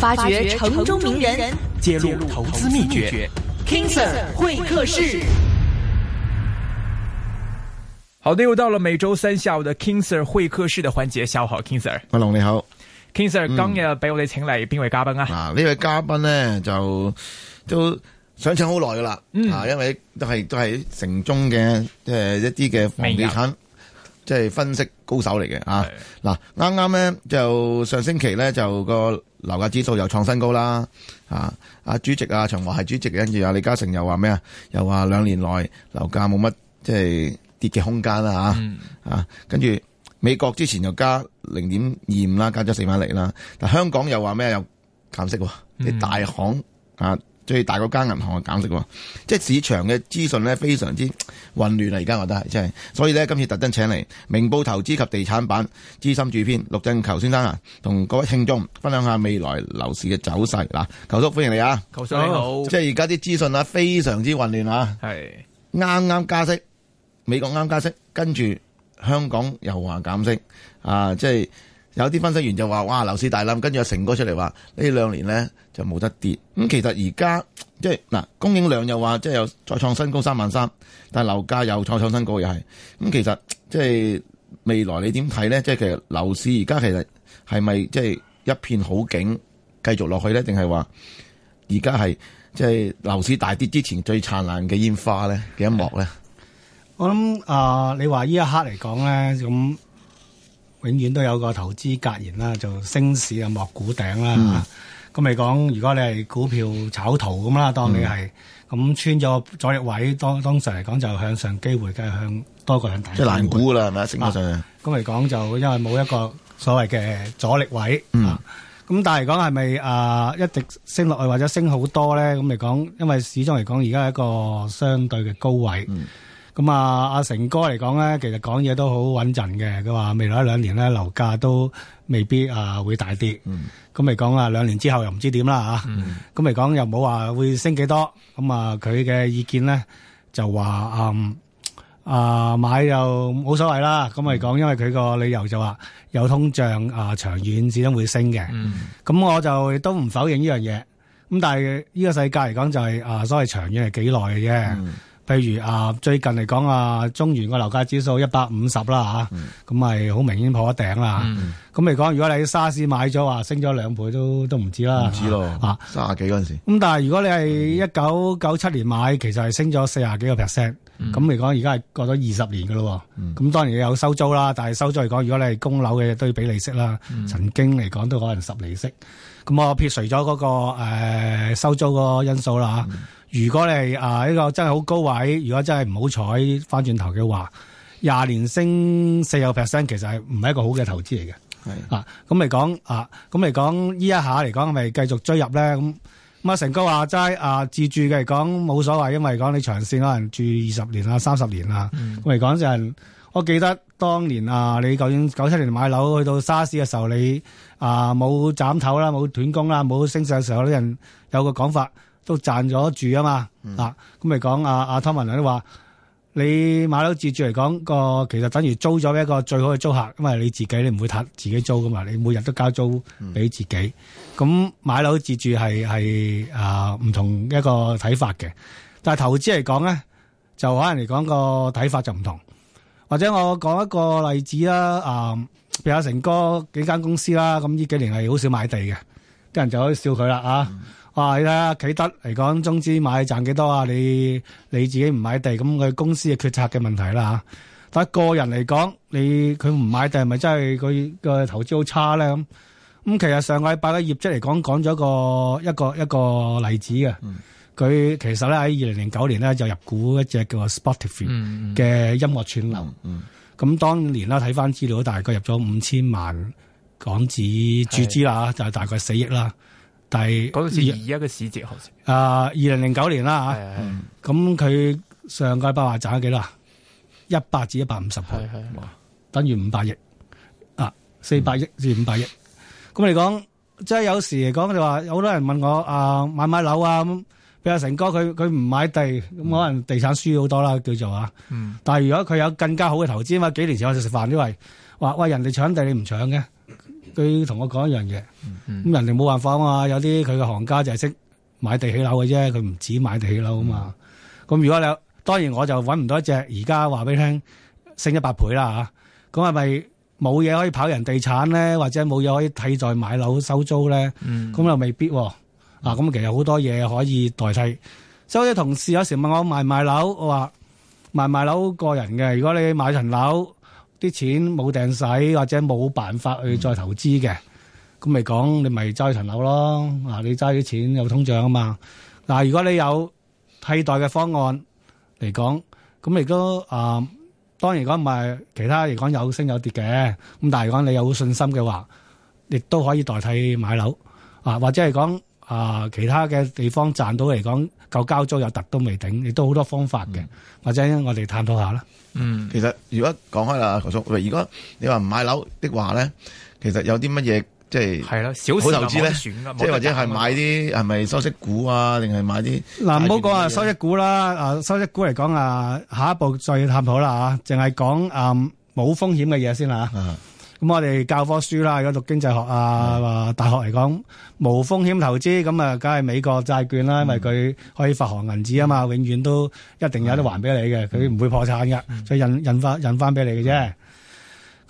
發掘城中名人，揭露投資秘訣。King Sir 會客室，好的，又到了每周三下午的 King Sir 會客室的環節。下午好，King Sir。阿龍你好，King Sir，今日畀我哋請嚟，邊位嘉賓啊？啊，呢位嘉賓呢就都想請好耐噶啦。嗯啊，因為都係都係城中嘅，誒、呃，一啲嘅房地產。即係分析高手嚟嘅是的 啊！嗱，啱啱咧就上星期咧就個樓價指數又創新高啦、啊！啊，主席啊，長和係主席，跟住啊，李嘉誠又話咩啊？又話兩年內樓價冇乜即係跌嘅空間啦！吓啊，跟住美國之前又加零點二五啦，加咗四萬厘啦。但香港又話咩？又減息，嗯、你大行啊。最大嗰間銀行嘅減息喎，即係市場嘅資訊咧非常之混亂啦，而家我覺得係，即係所以咧今次特登請嚟明報投資及地產版資深主編陸振球先生啊，同各位聽眾分享下未來樓市嘅走勢嗱，球叔歡迎你啊，球叔你好，即係而家啲資訊啊非常之混亂啊，係啱啱加息，美國啱加息，跟住香港又話減息啊，即係。有啲分析員就話，哇，樓市大冧，跟住阿成哥出嚟話，呢兩年呢就冇得跌。咁、嗯、其實而家即係嗱，供應量又話即係有再創新高三萬三，但係樓價又再創新高又係。咁、嗯、其實即係未來你點睇呢？即係其實樓市而家其實係咪即係一片好景繼續落去呢？定係話而家係即係樓市大跌之前最燦爛嘅煙花呢？嘅一幕呢？我諗啊、呃，你話呢一刻嚟講呢。咁。永遠都有個投資格言啦，就升市啊莫估頂啦嚇。咁嚟講，如果你係股票炒圖咁啦，當你係咁穿咗阻力位，當當時嚟講就向上機會梗係向多過向大。即係難估啦，係咪？升得上去。咁嚟講就因為冇一個所謂嘅阻力位。嗯。咁但係嚟講係咪啊一直升落去或者升好多咧？咁嚟講，因為始終嚟講而家係一個相對嘅高位。咁啊，阿成哥嚟講咧，其實講嘢都好穩陣嘅。佢話未來一兩年咧，樓價都未必啊會大跌。咁嚟講啊，兩年之後又唔知點啦、嗯嗯、啊。咁嚟講又冇話會升幾多。咁啊，佢嘅意見咧就話嗯啊買又冇所謂啦。咁嚟講，嗯、因為佢個理由就話有通脹啊，長遠始終會升嘅。咁、嗯、我就都唔否認呢樣嘢。咁但係呢個世界嚟講就係、是、啊，所謂長遠係幾耐嘅啫。嗯譬如啊，最近嚟講啊，中原個樓價指數一百五十啦咁咪好明顯破咗頂啦。咁嚟、嗯、講，如果你喺沙士買咗話，升咗兩倍都都唔止啦，唔止咯，卅、啊、幾嗰陣時。咁但係如果你係一九九七年買，其實係升咗四十幾個 percent。咁嚟、嗯、講，而家係過咗二十年噶咯。咁、嗯、當然有收租啦，但係收租嚟講，如果你係供樓嘅，都要俾利息啦。嗯、曾經嚟講都可能十利息。咁我撇除咗嗰、那個、呃、收租個因素啦。嗯如果你係啊呢個真係好高位，如果真係唔好彩翻轉頭嘅話，廿年升四個 percent，其實係唔係一個好嘅投資嚟嘅。係的啊，咁嚟講啊，咁嚟講依一下嚟講，係、啊、咪繼續追入咧？咁咁啊，成哥話齋啊，自住嘅嚟講冇所謂，因為講你長線可能住二十年啊、三十年啊，咁嚟、嗯、講就係、是，我記得當年啊，你究竟九七年買樓去到沙士嘅時候，你啊冇斬頭啦，冇斷供啦，冇升上嘅時候，啲人有個講法。都賺咗住啊嘛，嗯、啊咁咪講阿阿湯文亮都話，你買樓自住嚟講個，其實等於租咗一個最好嘅租客，因為你自己你唔會塌自己租噶嘛，你每日都交租俾自己，咁、嗯、買樓自住係係啊唔同一個睇法嘅，但係投資嚟講咧，就可能嚟講個睇法就唔同，或者我講一個例子啦，啊比如阿成哥幾間公司啦，咁呢幾年係好少買地嘅，啲人就可以笑佢啦啊。嗯哇！你睇下，啟德嚟講，中資買賺幾多啊？你你，啊你，你自己唔買地，咁佢公司嘅決策嘅問題啦吓。但係個人嚟講，你佢唔買地，係咪真係佢個投資好差咧？咁咁其實上禮拜嘅業績嚟講，講咗個一個一個，一個例子嘅。佢、嗯、其實咧喺二零零九年咧就入股一隻叫做 Spotify 嘅音樂串流。咁、嗯嗯、當年啦，睇翻資料，大概入咗五千萬港紙注資啦是就係大概四億啦。第陣時而家嘅市值，好啊、呃，二零零九年啦吓，咁佢、嗯、上個禮拜話賺咗幾多？一百至一百五十倍，係係等於五百億啊，四百億至五百億。咁你講，即係有時嚟講，就話有好多人問我、呃、買買樓啊，買唔買樓啊？咁，比阿成哥佢佢唔買地，咁可能地產輸好多啦，叫做啊。嗯、但係如果佢有更加好嘅投資啊嘛，因為幾年前我就食飯都係話喂人哋搶地你唔搶嘅，佢同我講一樣嘢。咁人哋冇辦法啊嘛，有啲佢嘅行家就係識買地起樓嘅啫，佢唔止買地起樓啊嘛。咁如果你當然我就搵唔到一隻，而家話俾你聽升一百倍啦吓。咁係咪冇嘢可以跑人地產咧，或者冇嘢可以替代買樓收租咧？咁又、嗯、未必啊。啊咁其實好多嘢可以代替。所以同事有時問我賣唔賣樓，我話賣唔賣樓個人嘅。如果你買層樓，啲錢冇定使，或者冇辦法去再投資嘅。嗯咁咪講你咪揸層樓咯，啊你揸啲錢有通脹啊嘛。嗱如果你有替代嘅方案嚟講，咁亦都啊、呃、當然講唔係其他嚟講有升有跌嘅，咁但係如果你有信心嘅話，亦都可以代替買樓啊，或者係講啊其他嘅地方賺到嚟講夠交租有突都未頂，亦都好多方法嘅，嗯、或者我哋探討下啦。嗯，其實如果講開啦，何叔，如果你話唔買樓的話咧，其實有啲乜嘢？即係係咯，少少投資咧，即係或者係買啲係咪收息股啊？定係買啲嗱，唔好講啊，收息股啦。啊，收息股嚟講啊，下一步再探討啦嚇。淨係講啊，冇、嗯、風險嘅嘢先啦咁，的我哋教科書啦，如果讀經濟學啊啊的大學嚟講，冇風險投資咁啊，梗係美國債券啦，嗯、因為佢可以發行銀紙啊嘛，永遠都一定有得還俾你嘅，佢唔的會破產嘅，所以印印翻印翻俾你嘅啫。嗯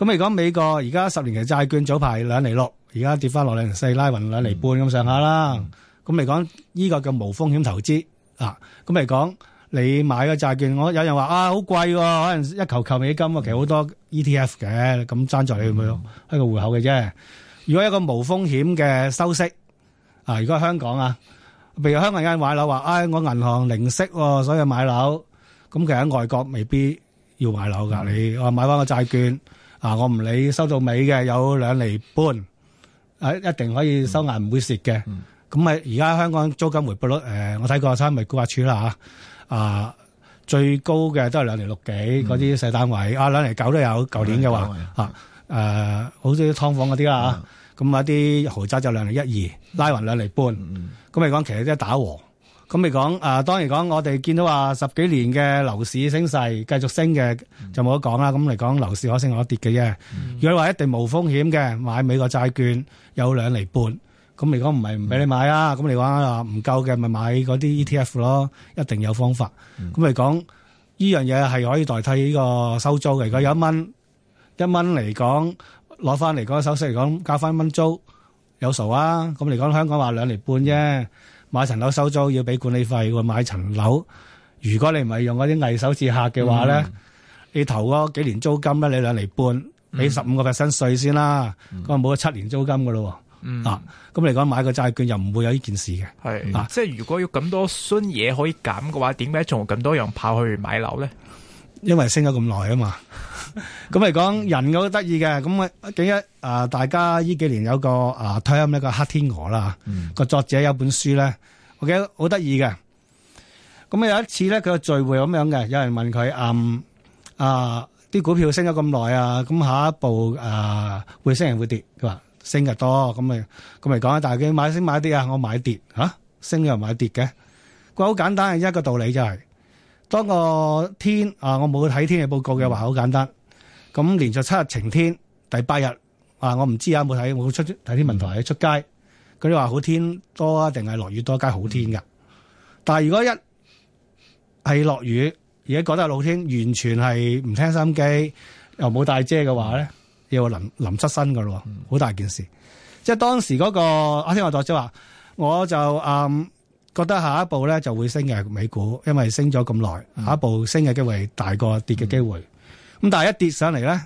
咁嚟講，美國而家十年期債券早排兩厘六，而家跌翻落兩厘四，拉勻兩厘半咁上下啦。咁嚟講，呢個叫無風險投資啊。咁嚟講，你買個債券，我有人話啊，好貴喎，可能一球球美金。其實好多 ETF 嘅，咁爭在你個一個戶口嘅啫。如果一個無風險嘅收息啊，如果香港啊，譬如香港有人買樓話，唉，我銀行零息，所以買樓咁。其實喺外國未必要買樓噶，你啊買翻個債券。啊！我唔理收到尾嘅有兩厘半，啊一定可以收硬，唔會蝕嘅。咁咪而家香港租金回報率誒，我睇過三維估價處啦嚇，啊最高嘅都係兩厘六幾嗰啲細單位，啊兩厘九都有，舊年嘅話嚇，誒好似啲劏房嗰啲啦嚇，咁啊啲豪宅就兩厘一二，拉勻兩厘半，咁你講其實一打和。咁你講，啊當然講，我哋見到話十幾年嘅樓市升勢繼續升嘅就冇得講啦。咁嚟講，樓市可升可跌嘅啫。如果你話、嗯、一定冇風險嘅，買美國債券有兩厘半。咁嚟講唔係唔俾你買啊。咁你講啊，唔夠嘅咪買嗰啲 ETF 咯。一定有方法。咁嚟講，依樣嘢係可以代替呢個收租嘅。如果有一蚊一蚊嚟講攞翻嚟嗰個收息嚟講交翻一蚊租有數啊？咁嚟講，香港話兩厘半啫。買層樓收租要俾管理費喎，買層樓如果你唔係用嗰啲異手自客嘅話咧，嗯、你投嗰幾年租金咧，你兩厘半俾十五個 percent 稅先啦，咁啊冇咗七年租金噶咯，嗯、啊咁嚟講買個債券又唔會有呢件事嘅，是啊即係如果要咁多衰嘢可以減嘅話，點解仲有咁多人跑去買樓咧？因為升咗咁耐啊嘛。 咁嚟講，人嘅好得意嘅，咁啊，點一啊？大家呢幾年有個啊，特朗普一個黑天鵝啦。個、嗯、作者有本書咧，我記得，好得意嘅。咁啊，有一次咧，佢個聚會咁樣嘅，有人問佢：，嗯啊，啲股票升咗咁耐啊，咁下一步啊，會升定會跌？佢話升嘅多，咁咪咁咪講啊？但係買升買跌啊，我買跌吓、啊，升又買跌嘅。佢好簡單嘅一個道理就係、是，當個天啊，我冇睇天氣報告嘅話，好簡單。咁連續七日晴天，第八日啊，我唔知啊，有冇睇？我出睇啲問題，文台出街，佢哋話好天多啊，定係落雨多？梗係好天㗎。但係如果一係落雨，而家覺得係老天，完全係唔聽心機，又冇帶遮嘅話咧，又臨臨失身㗎咯，好、嗯、大件事。即係當時嗰、嗰個阿天華代姐話，我就嗯覺得下一步咧就會升嘅美股，因為升咗咁耐，下一步升嘅機會大過跌嘅機會。嗯嗯咁但係一跌上嚟咧，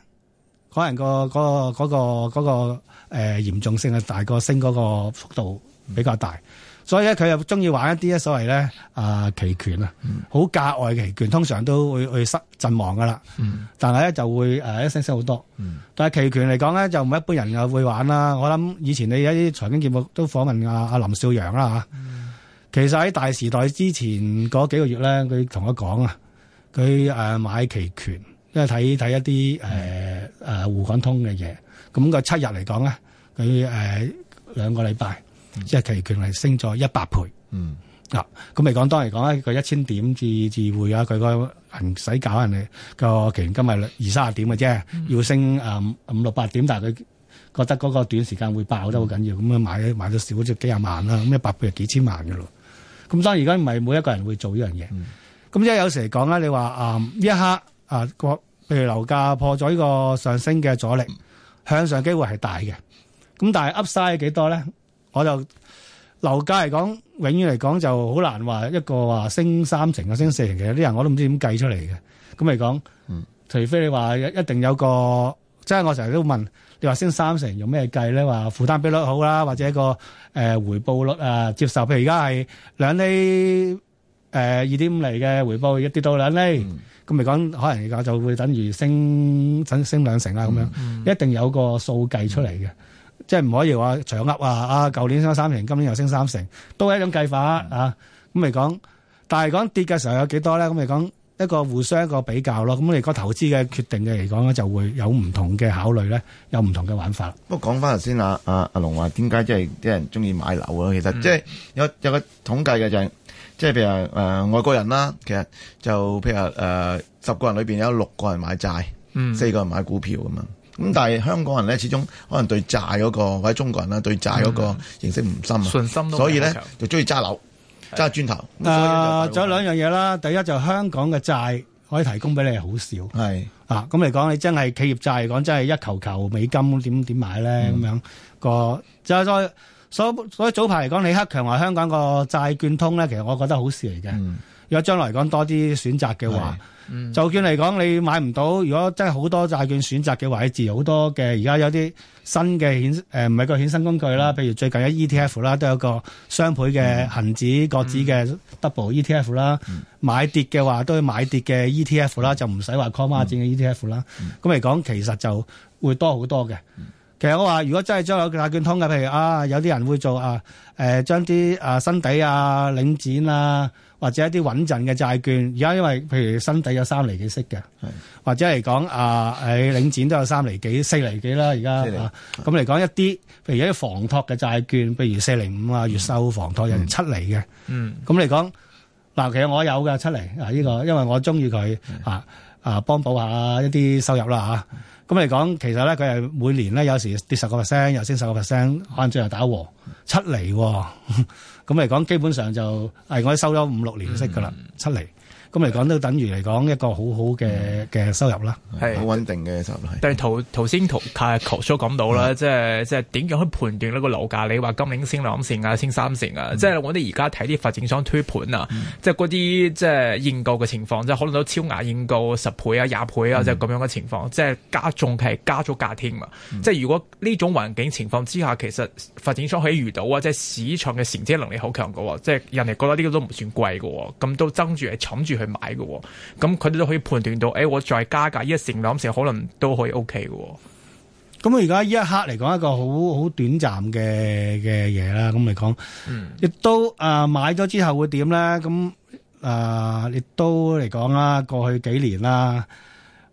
可能、嗰個、嗰個嗰、嗰個嗰、嗰個誒、嗰個呃、嚴重性啊，大過升嗰個幅度比較大，所以咧佢又中意玩一啲所謂咧啊期權啊，好、呃嗯、價外期權通常都會去失陣亡噶啦。嗯、但係咧就會誒一、呃、升升好多。嗯、但係期權嚟講咧，就唔係一般人又會玩啦。我諗以前你有啲財經節目都訪問阿、啊、阿、啊、林少陽啦吓，嗯、其實喺大時代之前嗰幾個月咧，佢同我講啊，佢誒、呃、買期權。因為睇睇一啲誒誒滬港通嘅嘢，咁、那個七日嚟講咧，佢誒、呃、兩個禮拜，即係、嗯、期權係升咗一百倍。嗯，嗱、啊，咁咪講當嚟講咧，佢一千點至至會啊，佢個行使搞人哋個期權金咪二卅點嘅啫，嗯、要升誒五六百點，但係佢覺得嗰個短時間會爆得好緊要，咁啊、嗯、買買咗少隻幾廿萬啦，咁一百倍幾千萬㗎咯。咁當然而家唔係每一個人會會做呢樣嘢。咁、嗯、即係有時嚟講咧，你話呢、呃、一刻。啊，譬如樓價破咗呢個上升嘅阻力，向上機會係大嘅。咁但係 Upside 幾多咧？我就樓價嚟講，永遠嚟講就好難話一個話升三成、個升四成嘅。有啲人我都唔知點計出嚟嘅。咁嚟講，除非你話一定有個，即係我成日都問你話升三成用咩計咧？話負擔比率好啦，或者一個誒回報率啊接受。譬如而家係兩厘誒二點五厘嘅回報，一跌到兩厘。咁咪講，可能嚟講就會等於升，升升兩成啊，咁樣，嗯、一定有個數計出嚟嘅，嗯、即係唔可以話掌握啊！啊，舊年升三成，今年又升三成，都係一種計法、嗯、啊。咁嚟講，但係講跌嘅時候有幾多咧？咁咪講，一個互相一個比較咯。咁你個投資嘅決定嘅嚟講咧，就會有唔同嘅考慮咧，有唔同嘅玩法。不過講翻頭先啊，阿阿龍話點解即係啲人中意買樓啊？其實即係有、嗯、有個統計嘅就係、是。即係譬如誒、呃、外國人啦，其實就譬如誒、呃、十個人裏面有六個人買債，嗯、四個人買股票咁樣咁但係香港人咧，始終可能對債嗰、嗰個或者中國人啦，對債嗰個認識唔深啊。所以咧就中意揸樓揸磚頭。誒仲有兩樣嘢啦，第一就香港嘅債可以提供俾你好少。係啊，咁嚟講你真係企業債嚟講，真係一球球美金點點買咧咁、嗯、樣個，所以所以早排嚟講，李克強話香港個債券通咧，其實我覺得好事嚟嘅。嗯、如果將來嚟講多啲選擇嘅話，嗯、就券嚟講你買唔到，如果真係好多債券選擇嘅位置，好多嘅。而家有啲新嘅險誒唔係個衍生工具啦，譬如最近嘅 ETF 啦，都有個雙倍嘅恒指個指嘅 Double ETF 啦，嗯、買跌嘅話都要買跌嘅 ETF 啦，就唔使話 Commodity 嘅 ETF 啦。咁嚟、嗯、講其實就會多好多嘅。嗯其實我話，如果真係將有債券通嘅，譬如啊，有啲人會做啊，誒，將啲啊新地啊領展啊，或者一啲穩陣嘅債券。而家因為譬如新地有三厘幾息嘅，是或者嚟講啊，喺、哎、領展都有三厘幾、四厘幾啦。而家咁嚟講一啲，譬如一啲房託嘅債券，譬如四零五啊，越秀房託有七厘嘅。嗯，咁嚟講嗱，其實我有嘅七厘啊，呢、這個因為我中意佢啊啊，幫、啊、補下一啲收入啦吓。啊咁嚟講，其實咧佢係每年咧有時跌十個 percent，又升十個 percent，可能最後打和、嗯、七釐里、哦。咁嚟講，基本上就係我已經收咗五六年息噶啦，嗯、七釐。咁嚟講都等於嚟講一個好好嘅嘅收入啦，係好穩定嘅收入。但係頭頭先同阿球講到啦，即係即係點樣去判斷呢個樓價？你話今年升兩成啊，升三成啊？即係我哋而家睇啲發展商推盤啊，即係嗰啲即係應購嘅情況，即係可能都超額應購十倍啊、廿倍啊，就咁樣嘅情況，即係、嗯、加重係加咗價添嘛。即係、嗯、如果呢種環境情況之下，其實發展商可以遇到啊，即係市場嘅承接能力好強㗎喎，即係人哋覺得呢個都唔算貴㗎喎，咁都爭住係搶住去。去買嘅，咁佢哋都可以判斷到，誒、欸，我再加價，一成兩成可能都可以 O K 嘅。咁、嗯、啊，而家呢一刻嚟講一個好好短暫嘅嘅嘢啦。咁嚟講，亦都啊買咗之後會點咧？咁啊，亦都嚟講啦，過去幾年啦，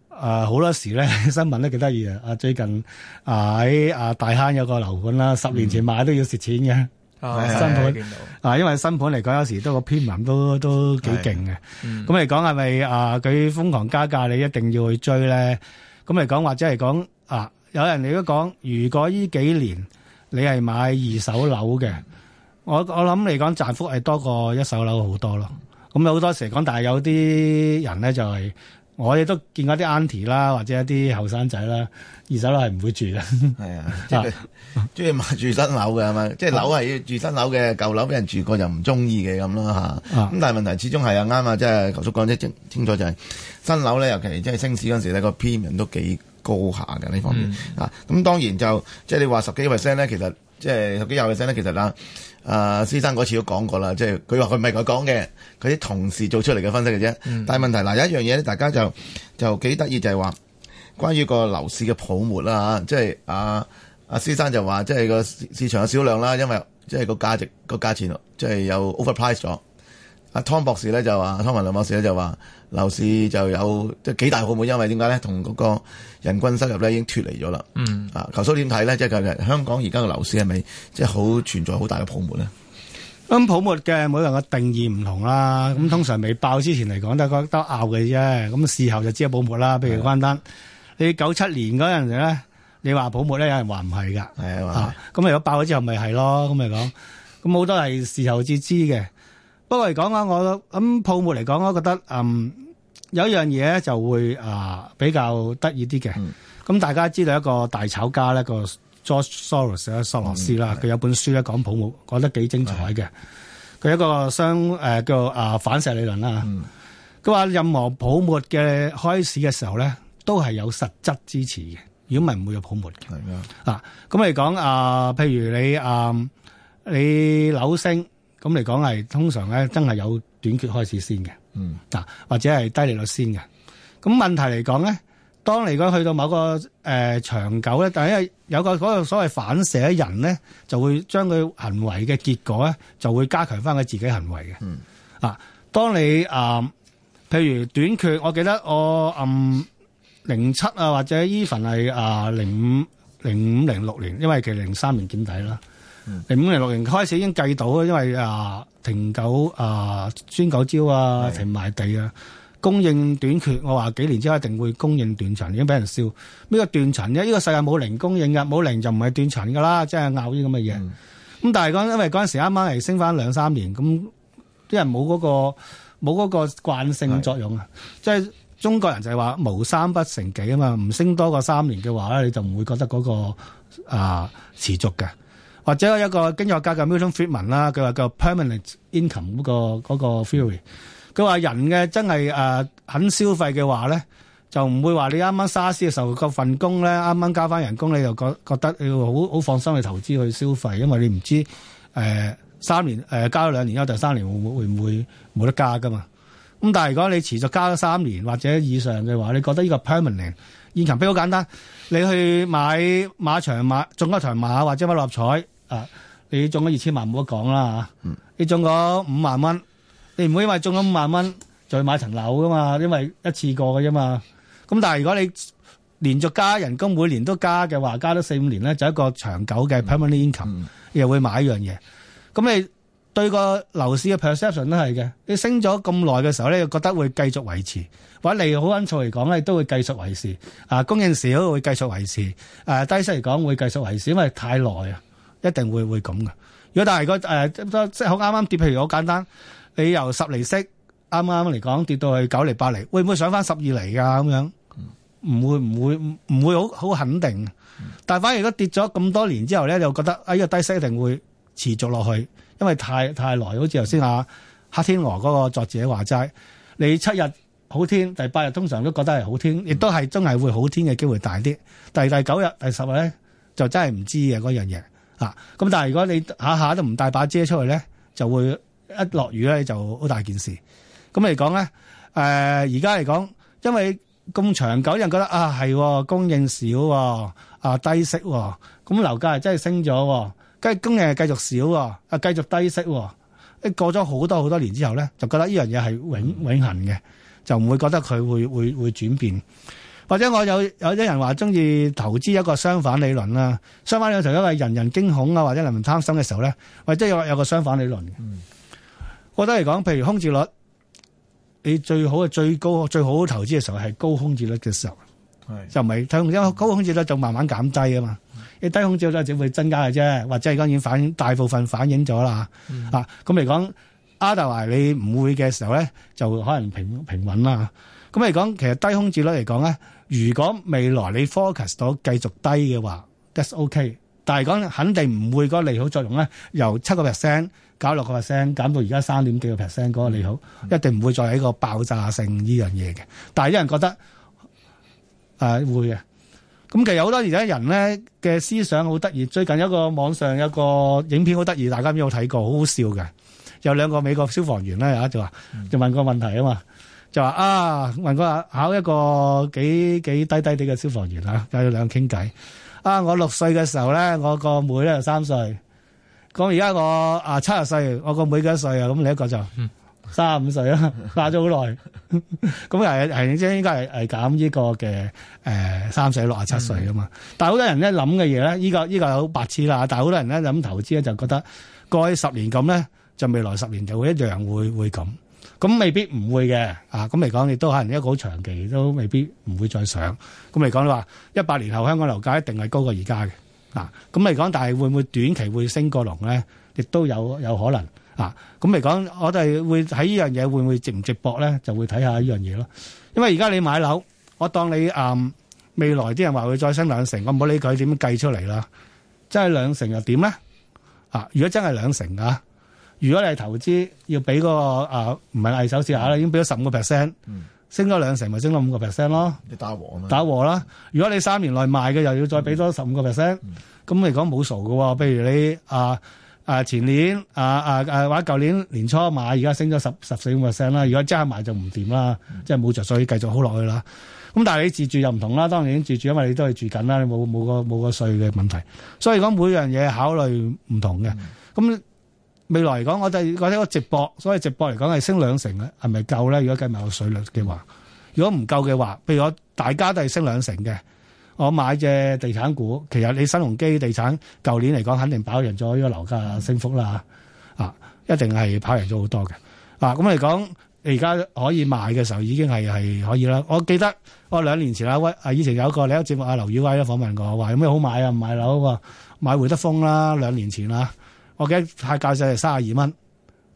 啊、好多時咧新聞都幾得意啊。啊最近啊喺啊大坑有個樓盤啦，嗯、十年前買都要蝕錢嘅。哦、是新盤啊，因為新盤嚟講有時都個篇文都都幾勁嘅，咁嚟、嗯、講係咪啊佢瘋狂加價，你一定要去追咧？咁嚟講或者係講啊，有人嚟都講，如果依幾年你係買二手樓嘅，我我諗嚟講賺幅係多過一手樓好多咯。咁有好多時嚟講，但係有啲人咧就係、是。我哋都見過啲 aunty 啦，或者一啲後生仔啦，二手樓係唔會住嘅。係啊，即係中意買住新樓嘅係咪？即係、啊、樓係要住新樓嘅，舊樓俾人住過就唔中意嘅咁咯嚇。咁、啊啊、但係問題始終係啊啱啊，即係頭叔講得清清楚就係、是、新樓咧，尤其即係升市嗰時咧，個 premium 都幾高下嘅呢方面啊。咁當然就即係、就是、你話十幾 percent 咧，其實即係、就是、十幾廿 percent 咧，其實啦。誒，啊、施生嗰次都講過啦，即係佢話佢唔係佢講嘅，佢啲同事做出嚟嘅分析嘅啫。嗯、但係問題嗱有一樣嘢咧，大家就就幾得意，就係話關於個樓市嘅泡沫啦嚇，即係阿阿施生就話，即、就、係、是、個市場場有少量啦，因為即係個價值、個價錢即係有 overpriced 咗。阿、啊、湯博士咧就話湯文亮博士咧就話。樓市就有即係幾大泡沫，因為點解咧？同嗰個人均收入咧已經脫離咗啦。嗯，啊，球叔點睇咧？即係香港而家嘅樓市係咪即係好存在好大嘅泡沫咧？咁、嗯、泡沫嘅每個人嘅定義唔同啦。咁、嗯、通常未爆之前嚟講都係得拗嘅啫。咁事後就知有泡沫啦。譬如關單、啊，你九七年嗰陣時咧，你話泡沫咧，有人話唔係噶，係嘛、啊？咁如果爆咗之後咪係咯，咁咪講，咁好多係事後至知嘅。不過嚟講啊，我咁、嗯、泡沫嚟講，我覺得嗯有一樣嘢咧就會啊、呃、比較得意啲嘅。咁、嗯、大家知道一個大炒家咧，個 George Soros 啦，索羅斯啦，佢有本書咧講泡沫，講得幾精彩嘅。佢的一個相，誒、呃、叫啊、呃、反射理論啦。佢話、嗯、任何泡沫嘅開始嘅時候咧，都係有實質支持嘅。如果唔係，唔會有泡沫嘅。的啊。咁嚟講啊，譬如你嗯、呃、你樓升。咁嚟講係通常咧，真係有短缺開始先嘅，嗯，嗱或者係低利率先嘅。咁問題嚟講咧，當嚟講去到某個誒、呃、長久咧，但係因為有個嗰、那個、所謂反社人咧，就會將佢行為嘅結果咧，就會加強翻佢自己行為嘅。嗯，啊當你誒、呃、譬如短缺，我記得我零七、呃、啊，或者 even 係啊零五零五零六年，因為其實零三年見底啦。零五年、六年、嗯、開始已經計到因為啊、呃、停九啊孫九招啊，是的 停埋地啊，供應短缺。我話幾年之後一定會供應斷層，已經俾人笑呢個斷層咧。呢、這個世界冇零供應噶，冇零就唔係斷層噶啦，即係拗呢咁嘅嘢。咁、嗯、但係講因為嗰陣時啱啱係升翻兩三年，咁啲人冇嗰、那個冇嗰個慣性作用啊，即係是的 中國人就係話無三不成幾啊嘛。唔升多過三年嘅話咧，你就唔會覺得嗰、那個啊、呃、持續嘅。或者一個經濟學家嘅 Milton Friedman 啦，佢話叫 permanent income 嗰個 theory，佢話人嘅真係誒、呃、肯消費嘅話咧，就唔會話你啱啱沙士嘅時候個份工咧，啱啱加翻人工，你就覺覺得你好好放心去投資去消費，因為你唔知誒、呃、三年誒、呃、加咗兩年之後第三年會會唔會冇得加噶嘛？咁但係如果你持續加咗三年或者以上嘅話，你覺得呢個 permanent income 比較簡單。你去買馬場買中咗一場馬,馬或者買六合彩啊！你中咗二千萬唔好講啦你中咗五萬蚊，你唔會因為中咗五萬蚊就去買層樓噶嘛？因為一次過㗎啫嘛。咁但係如果你連續加人工，每年都加嘅話，加咗四五年咧，就一個長久嘅 permanent income，、嗯、又會買一樣嘢。咁你。對個樓市嘅 perception 都係嘅。你升咗咁耐嘅時候咧，又覺得會繼續維持，或者利好因素嚟講咧，你都會繼續維持。啊，供應少會繼續維持。誒、啊，低息嚟講會繼續維持，因為太耐啊，一定會會咁嘅。如果但係如果誒即係好啱啱跌，譬如好簡單，你由十厘息啱啱嚟講跌到去九厘八厘，會唔會上返十二厘㗎、啊、咁樣？唔、嗯、會唔會唔會好好肯定。但反而如果跌咗咁多年之後咧，又覺得哎呀、啊這個、低息一定會持續落去。因為太太耐，好似頭先啊，黑天鵝嗰個作者話齋，你七日好天，第八日通常都覺得係好天，亦都係真係會好天嘅機會大啲。但係第九日、第十日咧，就真係唔知嘅嗰樣嘢吓咁、啊、但係如果你下下都唔帶把遮出去咧，就會一落雨咧就好大件事。咁嚟講咧，誒而家嚟講，因為咁長久，有人覺得啊係、哦、供應少、哦，啊低息、哦，咁樓價係真係升咗、哦。跟工人係繼續少，啊繼續低息，一過咗好多好多年之後咧，就覺得呢樣嘢係永永恆嘅，就唔會覺得佢會會會轉變。或者我有有一啲人話鍾意投資一個相反理論啦，相反理論就因為人人驚恐啊，或者人人貪心嘅時候咧，或者有有個相反理論。嗯，我覺得嚟講，譬如空置率，你最好嘅最高最好投資嘅時候係高空置率嘅時候，係是就唔係睇空高空置率就慢慢減低啊嘛。你低空置率只會增加嘅啫，或者係當然反映大部分反映咗啦。嗯、啊，咁嚟講，阿大華你唔會嘅時候咧，就可能平平穩啦。咁嚟講，其實低空置率嚟講咧，如果未來你 focus 到繼續低嘅話，that's OK。但係講肯定唔會個利好作用咧，由七個 percent 搞六個 percent 減到而家三點幾個 percent 嗰個利好，嗯、一定唔會再有一個爆炸性呢樣嘢嘅。但係有人覺得誒、啊、會嘅。咁其實有好多而家人咧嘅思想好得意。最近一個網上有一個影片好得意，大家有冇睇過？好好笑嘅，有兩個美國消防員咧、啊，就話就問個問題啊嘛，就話啊問個考一個幾幾低低啲嘅消防員啊，佢哋兩個傾偈啊。我六歲嘅時候咧，我個妹咧就三歲。咁而家我啊七十歲，我個妹幾多歲啊？咁另一個就。嗯三十五歲啊，嫁咗好耐，咁係係即係應該係係減呢個嘅誒三歲六啊七歲啊嘛，但係好多人咧諗嘅嘢咧，依個依個好白痴啦，但係好多人咧諗投資咧就覺得過去十年咁咧，就未來十年就會一樣會會咁，咁未必唔會嘅啊，咁嚟講亦都可能一個好長期，都未必唔會再上。咁嚟講你話一百年後香港樓價一定係高過而家嘅啊，咁嚟講，但係會唔會短期會升過龍咧？亦都有有可能。啊，咁嚟講，我哋會睇呢樣嘢會唔會值唔值博咧，就會睇下呢樣嘢咯。因為而家你買樓，我當你嗯未來啲人話會再升兩成，我唔好理佢點計出嚟啦。真係兩成又點咧？啊，如果真係兩成啊，如果你係投資，要俾嗰、嗰個啊唔係藝手字下，啦，已經俾咗十五個 percent，升咗兩成咪升咗五個 percent 咯。你打和啊嘛？打和啦。如果你三年內賣嘅又要再俾多十五個 percent，咁嚟講冇傻噶。譬、嗯嗯、如你啊。啊！前年啊啊啊，或者舊年年初買，而家升咗十十四五個 percent 啦。如果即刻買就唔掂啦，嗯、即係冇著數繼續好落去啦。咁但係你自住又唔同啦，當然自住，因為你都係住緊啦，你冇冇個冇個稅嘅問題。所以講每樣嘢考慮唔同嘅。咁、嗯、未來嚟講，我覺得個直播，所以直播嚟講係升兩成咧，係咪夠咧？如果計埋個稅率嘅話，如果唔夠嘅話，譬如我大家都係升兩成嘅。我買隻地產股，其實你新鴻基地產，舊年嚟講肯定跑贏咗呢個樓價升幅啦，啊，一定係跑贏咗好多嘅。啊，咁嚟講，而家可以賣嘅時候已經係係可以啦。我記得我兩年前啦，喂啊，以前有一個喺個節目阿劉宇威都訪問過，話有咩好買啊？唔買樓喎，買會德豐啦。兩年前啦，我記得太教勢係三十二蚊，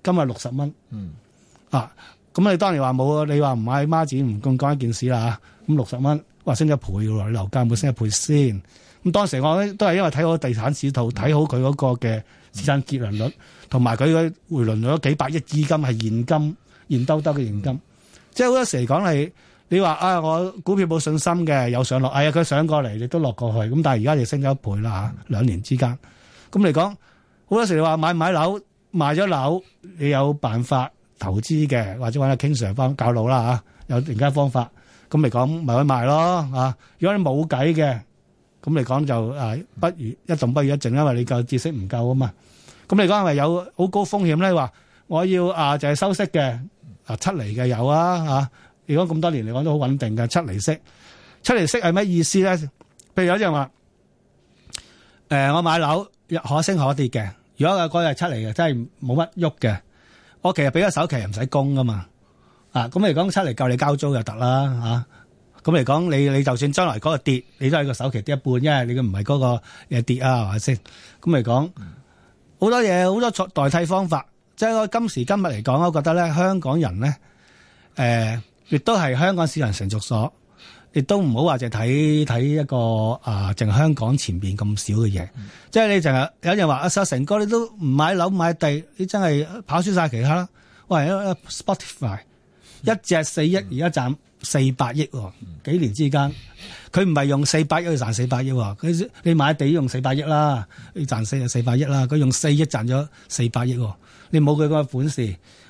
今日六十蚊。嗯。啊，咁你當年話冇啊，你話唔買孖展唔咁講一件事啦。咁六十蚊。話升一倍嘅你樓價冇升一倍先？咁當時我咧都係因為睇好地產市道，睇好佢嗰個嘅資產結論率，同埋佢嗰回籠咗幾百億資金係現金，現兜兜嘅現金。即係好多時嚟講你，你話啊、哎，我股票冇信心嘅，有上落。哎呀，佢上過嚟，亦都落過去。咁但係而家就升咗一倍啦嚇、啊，兩年之間。咁嚟講，好多時你話買唔買樓，賣咗樓，你有辦法投資嘅，或者揾阿 King Sir 教路啦嚇，有其他方法。咁嚟講，咪去賣咯啊！如果你冇計嘅，咁嚟講就誒，不如一動不如一靜，因為你嘅知識唔夠啊嘛。咁你講係咪有好高風險咧？話我要啊，就係收息嘅啊，七厘嘅有啊吓。如果咁多年嚟講都好穩定嘅七厘息，七厘息係乜意思咧？譬如有啲人話誒，我買樓可升可跌嘅，如果個個係七厘嘅，真係冇乜喐嘅。我其實俾個首期唔使供噶嘛。啊，咁嚟講出嚟夠你交租就得啦，嚇。咁、啊、嚟講，你你就算將來嗰個跌，你都係個首期跌一半，因為你嘅唔係嗰個嘢跌啊，係咪先？咁嚟講好、嗯、多嘢好多代替方法。即係我今時今日嚟講，我覺得咧，香港人咧，誒、呃、亦都係香港市場成熟所，亦都唔好話淨睇睇一個啊，淨係香港前面咁少嘅嘢。嗯、即係你淨係有人話阿阿成哥，啊、你都唔買樓買地，你真係跑輸晒其他。啦！啊」喂，Spotify。一隻四億而家賺四百億喎、哦，幾年之間佢唔係用四百億去賺四百億喎、哦。佢你買地用四百億啦，你賺四四百億啦。佢用四億賺咗四百億喎、哦。你冇佢嗰個本事，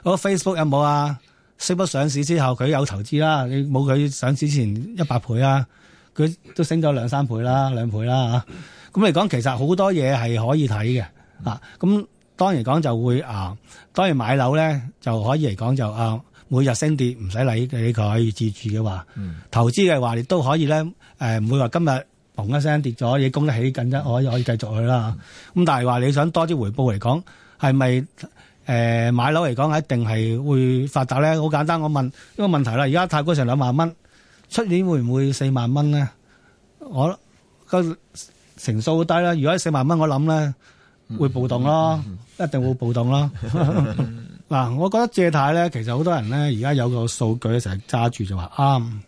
嗰、啊、Facebook 有冇啊 Facebook 上市之後佢有投資啦。你冇佢上市前一百倍啊，佢都升咗兩三倍啦，兩倍啦吓。咁嚟講，其實好多嘢係可以睇嘅啊。咁當然講就會啊，當然買樓咧就可以嚟講就啊。每日升跌唔使理理佢，自住嘅話，投資嘅話亦都可以咧。誒，唔會話今日嘣一聲跌咗，你供得起緊啫，可以可以繼續去啦。咁但係話你想多啲回報嚟講，係咪誒買樓嚟講一定係會發達咧？好簡單，我問一個問題啦。而家太高成兩萬蚊，出年會唔會四萬蚊咧？我個成數低啦。如果四萬蚊，我諗咧會暴動咯，一定會暴動咯。嗱，我覺得借貸咧，其實好多人咧，而家有個數據咧，成日揸住就話，啱，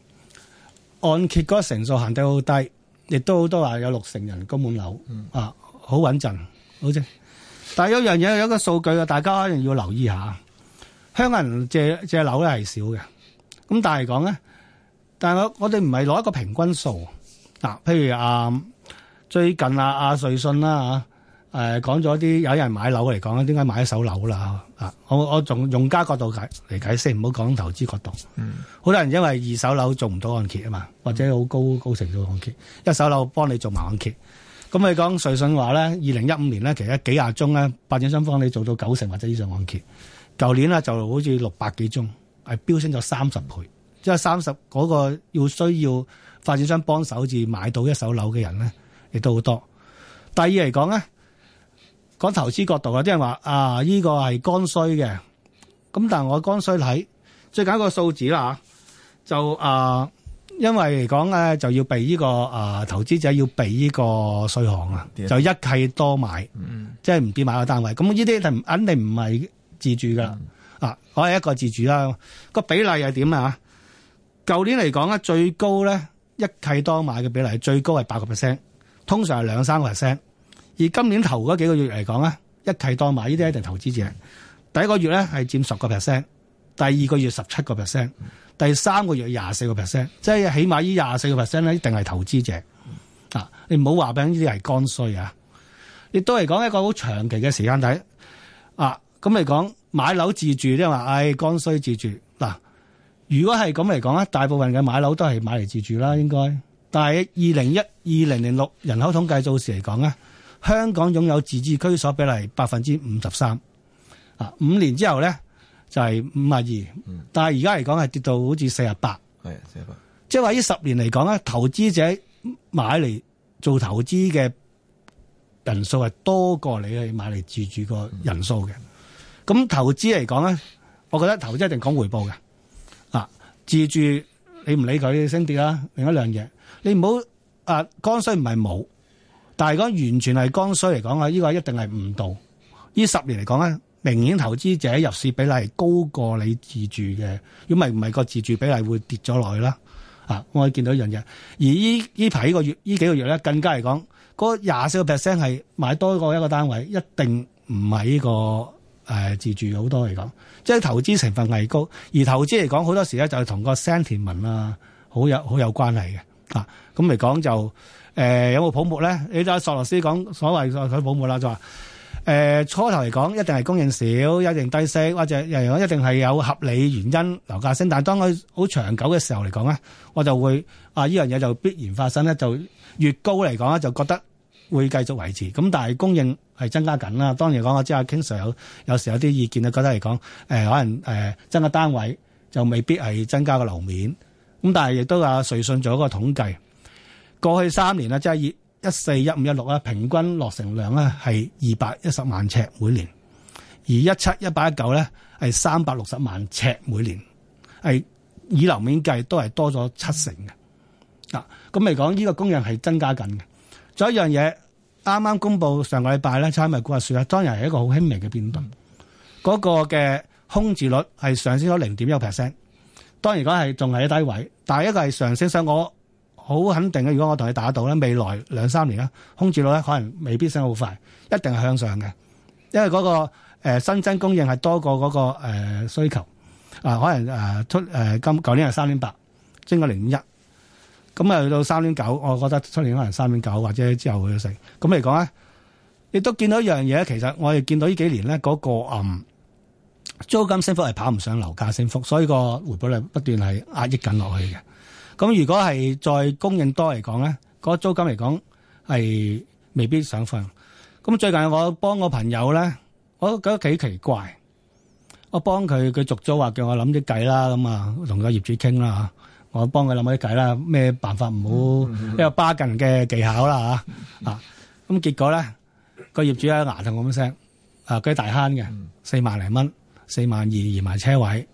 按揭嗰個成數行得好低，亦都都話有六成人供滿樓、嗯、啊，好穩陣，好正。但係有一樣嘢有一個數據啊，大家一定要留意下。香港人借借樓咧係少嘅，咁但係講咧，但係我我哋唔係攞一個平均數啊。譬如啊，最近啊啊瑞信啦啊。誒講咗啲有人買樓嚟講咧，點解買一手樓啦、啊？我我仲用家角度解嚟解釋，唔好講投資角度。嗯，好多人因為二手樓做唔到按揭啊嘛，嗯、或者好高、嗯、高成數按揭，一手樓幫你做埋按揭。咁你講瑞信話咧，二零一五年咧，其實幾廿宗咧，發展商幫你做到九成或者以上按揭。舊年咧就好似六百幾宗，係飆升咗三十倍，即係三十嗰個要需要發展商幫手至買到一手樓嘅人咧，亦都好多。第二嚟講咧。講投資角度，就是，啊，啲人話啊，呢個係剛需嘅。咁但係我剛需睇，最再一個數字啦就啊，因為嚟講咧就要避呢、呢個啊投資者要避呢個稅項啊，就一契多買，嗯、即係唔止買個單位。咁呢啲係肯定唔係自住噶，嗯、啊，我係一個自住啦。個比例係點啊？吓，舊年嚟講咧，最高咧一契多買嘅比例係最高係八個 percent，通常係兩三個 percent。而今年頭嗰幾個月嚟講咧，一季當買呢啲一定投資者。第一個月咧係佔十個 percent，第二個月十七個 percent，第三個月廿四個 percent，即係起碼呢廿四個 percent 咧一定係投資者啊。你唔好話俾呢啲係剛需啊。亦都係講一個好長期嘅時間睇啊。咁嚟講買樓自住即係話，唉剛需自住嗱、啊。如果係咁嚟講咧，大部分嘅買樓都係買嚟自住啦。應該但係二零一二零零六人口統計做時嚟講咧。香港擁有自置居所比例百分之五十三，啊，五年之後咧就係五啊二，但係而家嚟講係跌到好似四啊八，係四啊八，即係話呢十年嚟講咧，投資者買嚟做投資嘅人數係多過你去買嚟自住個人數嘅，咁投資嚟講咧，我覺得投資一定講回報嘅，啊，自住你唔理佢升跌啦，另一樣嘢，你唔好啊，剛需唔係冇。但係講完全係剛需嚟講啊，呢、呢個一定係誤導。呢十年嚟講咧，明顯投資者入市比例係高過你自住嘅，如果唔係唔係個自住比例會跌咗落去啦。啊，我可以見到一樣嘢。而依依排呢個月呢幾個月咧，更加嚟講，嗰廿四個 percent 係買多過一個單位，一定唔係呢個誒、呃、自住好多嚟講，即係投資成分係高。而投資嚟講，好多時咧就係同個 sentiment 啊，好有好有關係嘅。啊，咁嚟講就。誒、呃、有冇泡沫咧？你就阿索羅斯講所謂佢泡沫啦，就話誒、呃、初頭嚟講一定係供應少，一定低息，或者人講一定係有合理原因樓價升。但係當佢好長久嘅時候嚟講咧，我就會啊依樣嘢就必然發生咧，就越高嚟講咧就覺得會繼續維持。咁但係供應係增加緊啦。當然講我知阿 King Sir 有有時有啲意見咧，覺得嚟講誒可能誒、呃、增加單位就未必係增加個樓面。咁但係亦都阿瑞信做一個統計。過去三年啦，即係一四、一五一六啦，平均落成量咧，係二百一十萬尺每年，而一七、一八、一九咧，係三百六十萬尺每年，係以樓面計都係多咗七成嘅。嗱，咁嚟講呢個供應係增加緊嘅。仲有一樣嘢啱啱公佈上個禮拜咧，差餉物業估價署啦。當然係一個好輕微嘅變動，嗰個嘅空置率係上升咗零點一 percent。當然講係仲係喺低位，但係一個係上升，上。我。好肯定嘅，如果我同你打賭咧，未來兩三年咧，空置率咧可能未必升好快，一定係向上嘅，因為嗰個誒新增供應係多過嗰個誒需求啊，呃，可能誒出今舊年係三點八，升到零點一，咁又到三點九，我覺得出年可能三點九或者之後去到四。咁嚟講咧，亦都見到一樣嘢，其實我哋見到呢幾年咧嗰個嗯租金升幅係跑唔上樓價升幅，所以個回報率不斷係壓抑緊落去嘅。咁如果係再供應多嚟講咧，嗰、那個、租金嚟講係未必上返。咁最近我幫個朋友咧，我覺得幾奇怪。我幫佢佢續租話、啊、叫我諗啲計啦，咁啊同個業主傾啦，我幫佢諗啲計啦，咩辦法唔好？呢個巴近嘅技巧啦 啊！咁結果咧，個業主喺牙痛咁聲，啊佢大坑嘅四萬零蚊，四萬二移埋車位，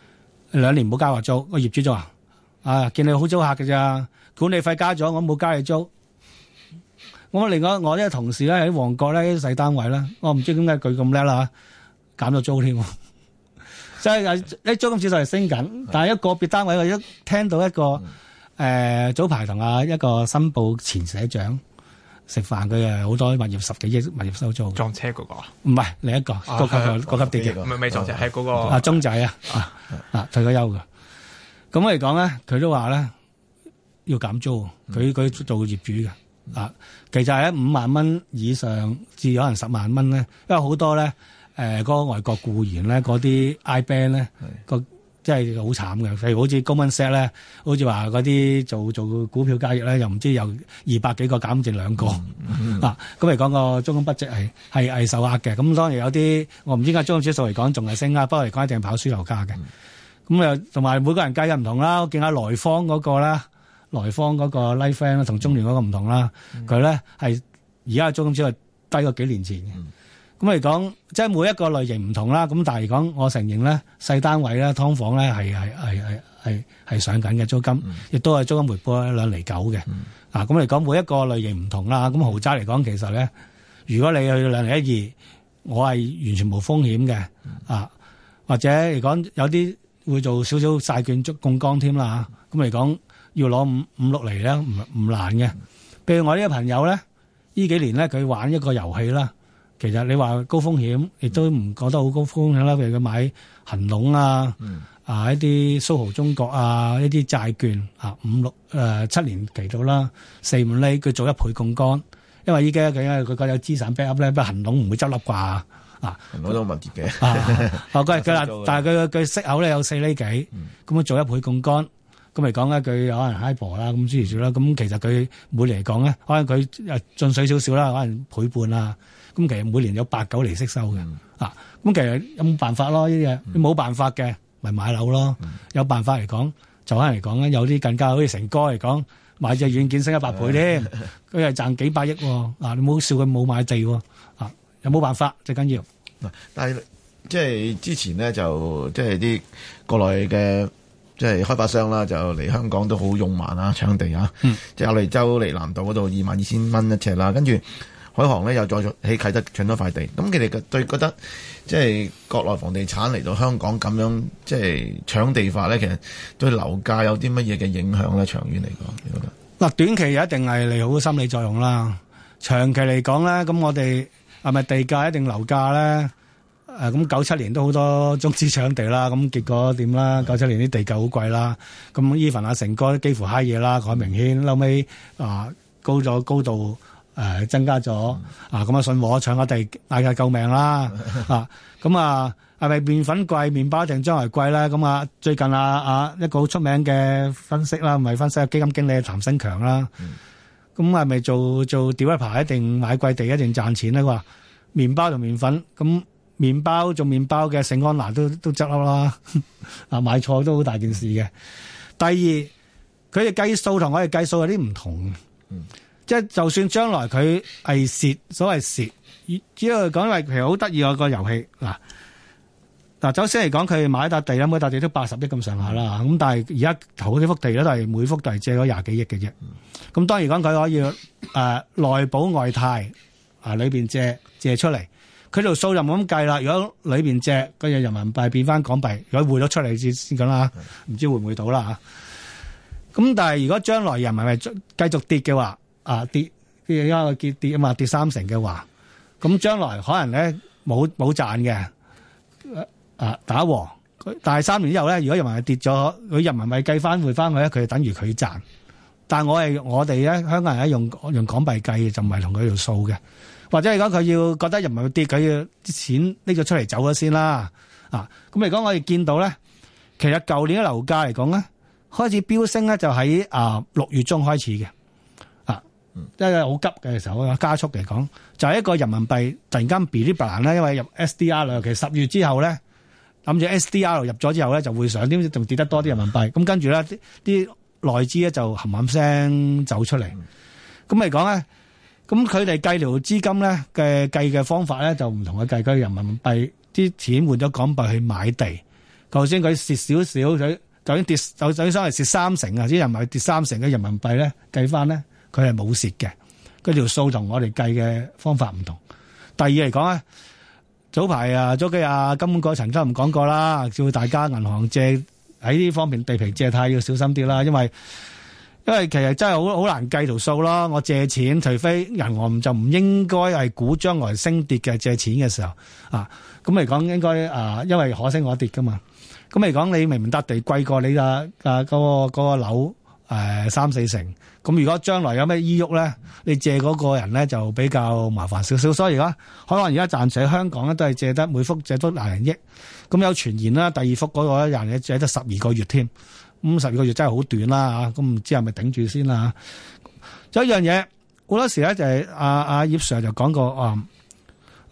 兩年唔好交話租。個業主就話、啊。啊！見你好租客嘅咋？管理費加咗，我冇加你租。我另外我啲同事咧喺旺角咧啲細單位啦，我唔知點解佢咁叻啦，減咗租添。即係呢租金指數係升緊，但係一個別單位我一聽到一個誒、呃，早排同啊一個新報前社長食飯，佢誒好多物業十幾億物業收租撞車嗰、那個，個啊？唔係另一個國個的級國級跌嘅，唔係唔撞車，係個啊鐘的、啊、仔啊的啊啊退休嘅。咁嚟講咧，佢都話咧要減租，佢佢做業主嘅、嗯嗯、啊，其實喺五萬蚊以上至可能十萬蚊咧，因為好多咧誒嗰個外國僱員咧，嗰啲 I Bank 咧，是個真係好慘嘅，譬如好似高文 Sir 咧，好似話嗰啲做做股票交易咧，又唔知有二百幾個減剩兩個、嗯嗯、啊！咁嚟講個租金筆值係係係受壓嘅，咁當然有啲我唔知依家租金指數嚟講仲係升啊，不過嚟講一定係跑輸樓價嘅。嗯咁又同埋每個人計嘅唔同啦，我見下來方嗰個啦，來方嗰個 life friend 啦，同中聯嗰個唔同啦，佢咧係而家嘅租金只係低過幾年前嘅。咁嚟講，即係每一個類型唔同啦。咁但係嚟講，我承認咧細單位咧、劏房咧係係係係係係上緊嘅租金，亦都係租金回報兩釐九嘅。啊，咁嚟講每一個類型唔同啦。咁豪宅嚟講其實咧，如果你去兩釐一二，我係完全冇風險嘅。啊，或者嚟講有啲。會做少少債券捉槓桿添啦，咁嚟講要攞五五六厘咧，唔唔難嘅。比如我呢個朋友咧，呢幾年咧佢玩一個遊戲啦，其實你話高風險，亦都唔覺得好高風險啦。譬如佢買恒隆啊，嗯、啊一啲蘇豪中國啊，一啲債券啊，五六誒七年期到啦，四五厘，佢做一倍槓桿，因為依家佢覺得佢有資產 backup 咧，不過恒隆唔會執笠啩。啊，好多物跌嘅。哦，佢佢嗱，但係佢佢息口咧有四厘幾，咁樣做一倍槓桿，咁咪講一句有可能 hyper 啦，咁諸如此類啦。咁其實佢每年嚟講咧，可能佢進水少少啦，可能倍半啊。咁其實每年有八九厘息收嘅。啊，咁其實有冇辦法咯？呢啲嘢冇辦法嘅，咪買樓咯。有辦法嚟講，就可能嚟講咧，有啲更加好似成哥嚟講，買隻軟件升一百倍添，佢係賺幾百億。嗱，你唔好笑，佢冇買地。有冇辦法最緊要？嗱，但係即係之前呢，就即係啲國內嘅即係開發商啦，就嚟香港都好勇猛啊，搶地啊，嗯、即係鴨脷洲、利南道嗰度二萬二千蚊一尺啦，跟住海航呢，又再起啟德搶多塊地。咁佢哋對對覺得即係國內房地產嚟到香港咁樣即係搶地化呢，其實對樓價有啲乜嘢嘅影響咧？長遠嚟講，你覺得，嗱、啊，短期又一定係利好心理作用啦，長期嚟講咧，咁我哋。係咪地價一定樓價咧？誒、啊，咁九七年都好多中資搶地啦，咁結果點啦？九七、嗯、年啲地價好貴啦，咁 even 阿成哥都幾乎嗨嘢啦，好明顯後。後尾啊，高咗高度，誒、啊，增加咗、嗯、啊，咁啊信和搶下地，嗌下救命啦嚇！咁、嗯、啊，係咪麪粉貴，麪包定將來貴咧？咁啊，最近啊啊一個好出名嘅分析啦，唔係分析、啊、基金經理的譚新強啦。嗯咁係咪做做 developer 一定買貴地一定賺錢咧？佢話麵包同麵粉，咁麵包做麵包嘅聖安娜都都執笠啦，啊買錯都好大件事嘅。第二，佢嘅計數同我哋計數有啲唔同，嗯、即係就算將來佢係蝕，所謂蝕，只要佢講嚟其實好得意個個遊戲嗱。嗱，首先嚟講，佢買一笪地，每笪地都八十億咁上下啦。咁但係而家投呢啲幅地咧，都係每幅地借咗廿幾億嘅啫。咁、嗯、當然講佢可以誒、呃、內保外貸，啊、呃、裏面借借出嚟，佢條數就冇咁計啦。如果裏面借，嗰用人民幣變翻港幣，如果匯咗出嚟先先咁啦，唔知會唔會到啦吓。咁但係如果將來人民幣繼續跌嘅話，啊跌跌一個跌跌啊嘛，跌三成嘅話，咁將來可能咧冇冇賺嘅。啊！打和佢，但係三年之後咧，如果人民幣跌咗，佢人民幣計翻回翻去咧，佢就等於佢賺。但係我係我哋咧，香港人係用用港幣計，就唔係同佢度數嘅。或者嚟講，佢要覺得人民幣跌，佢要啲錢拎咗出嚟走咗先啦。啊，咁嚟講，我哋見到咧，其實舊年嘅樓價嚟講咧，開始飆升咧，就喺啊六月中開始嘅啊，因為好急嘅時候，加速嚟講就係一個人民幣突然間變啲白，因為入 S D R 啦，其實十月之後咧。諗住 SDR 入咗之後咧，就會上，點知，仲跌得多啲人民幣。咁跟住咧，啲內資咧就冚冚聲走出嚟。咁嚟講咧，咁佢哋計條資金咧嘅計嘅方法咧，就唔同嘅計。佢人民幣啲錢換咗港幣去買地。頭先佢蝕少少，佢頭先跌，頭先想係蝕三成啊！啲人民幣跌三成嘅人民幣咧，計翻咧，佢係冇蝕嘅。佢條數同我哋計嘅方法唔同。第二嚟講咧。早排啊，早幾日金國陳生唔講過啦，叫大家銀行借喺呢方面地皮借貸要小心啲啦，因為因為其實真係好好難計條數咯。我借錢，除非銀行唔就唔應該係估將來升跌嘅借錢嘅時候啊。咁嚟講，應該啊，因為可升可跌噶嘛。咁嚟講，你明明搭地貴過你啊啊，個個個樓誒三四成。咁如果將來有咩依郁咧，你借嗰個人咧就比較麻煩少少，所以而家可能而家暫時香港咧都係借得每一幅借得廿零億，咁有傳言啦，第二幅嗰個有人借得十二個月添，咁十二個月真係好短啦嚇，咁唔知係咪頂住先啦嚇。有一樣嘢好多時咧就係阿阿葉 Sir 就講過啊，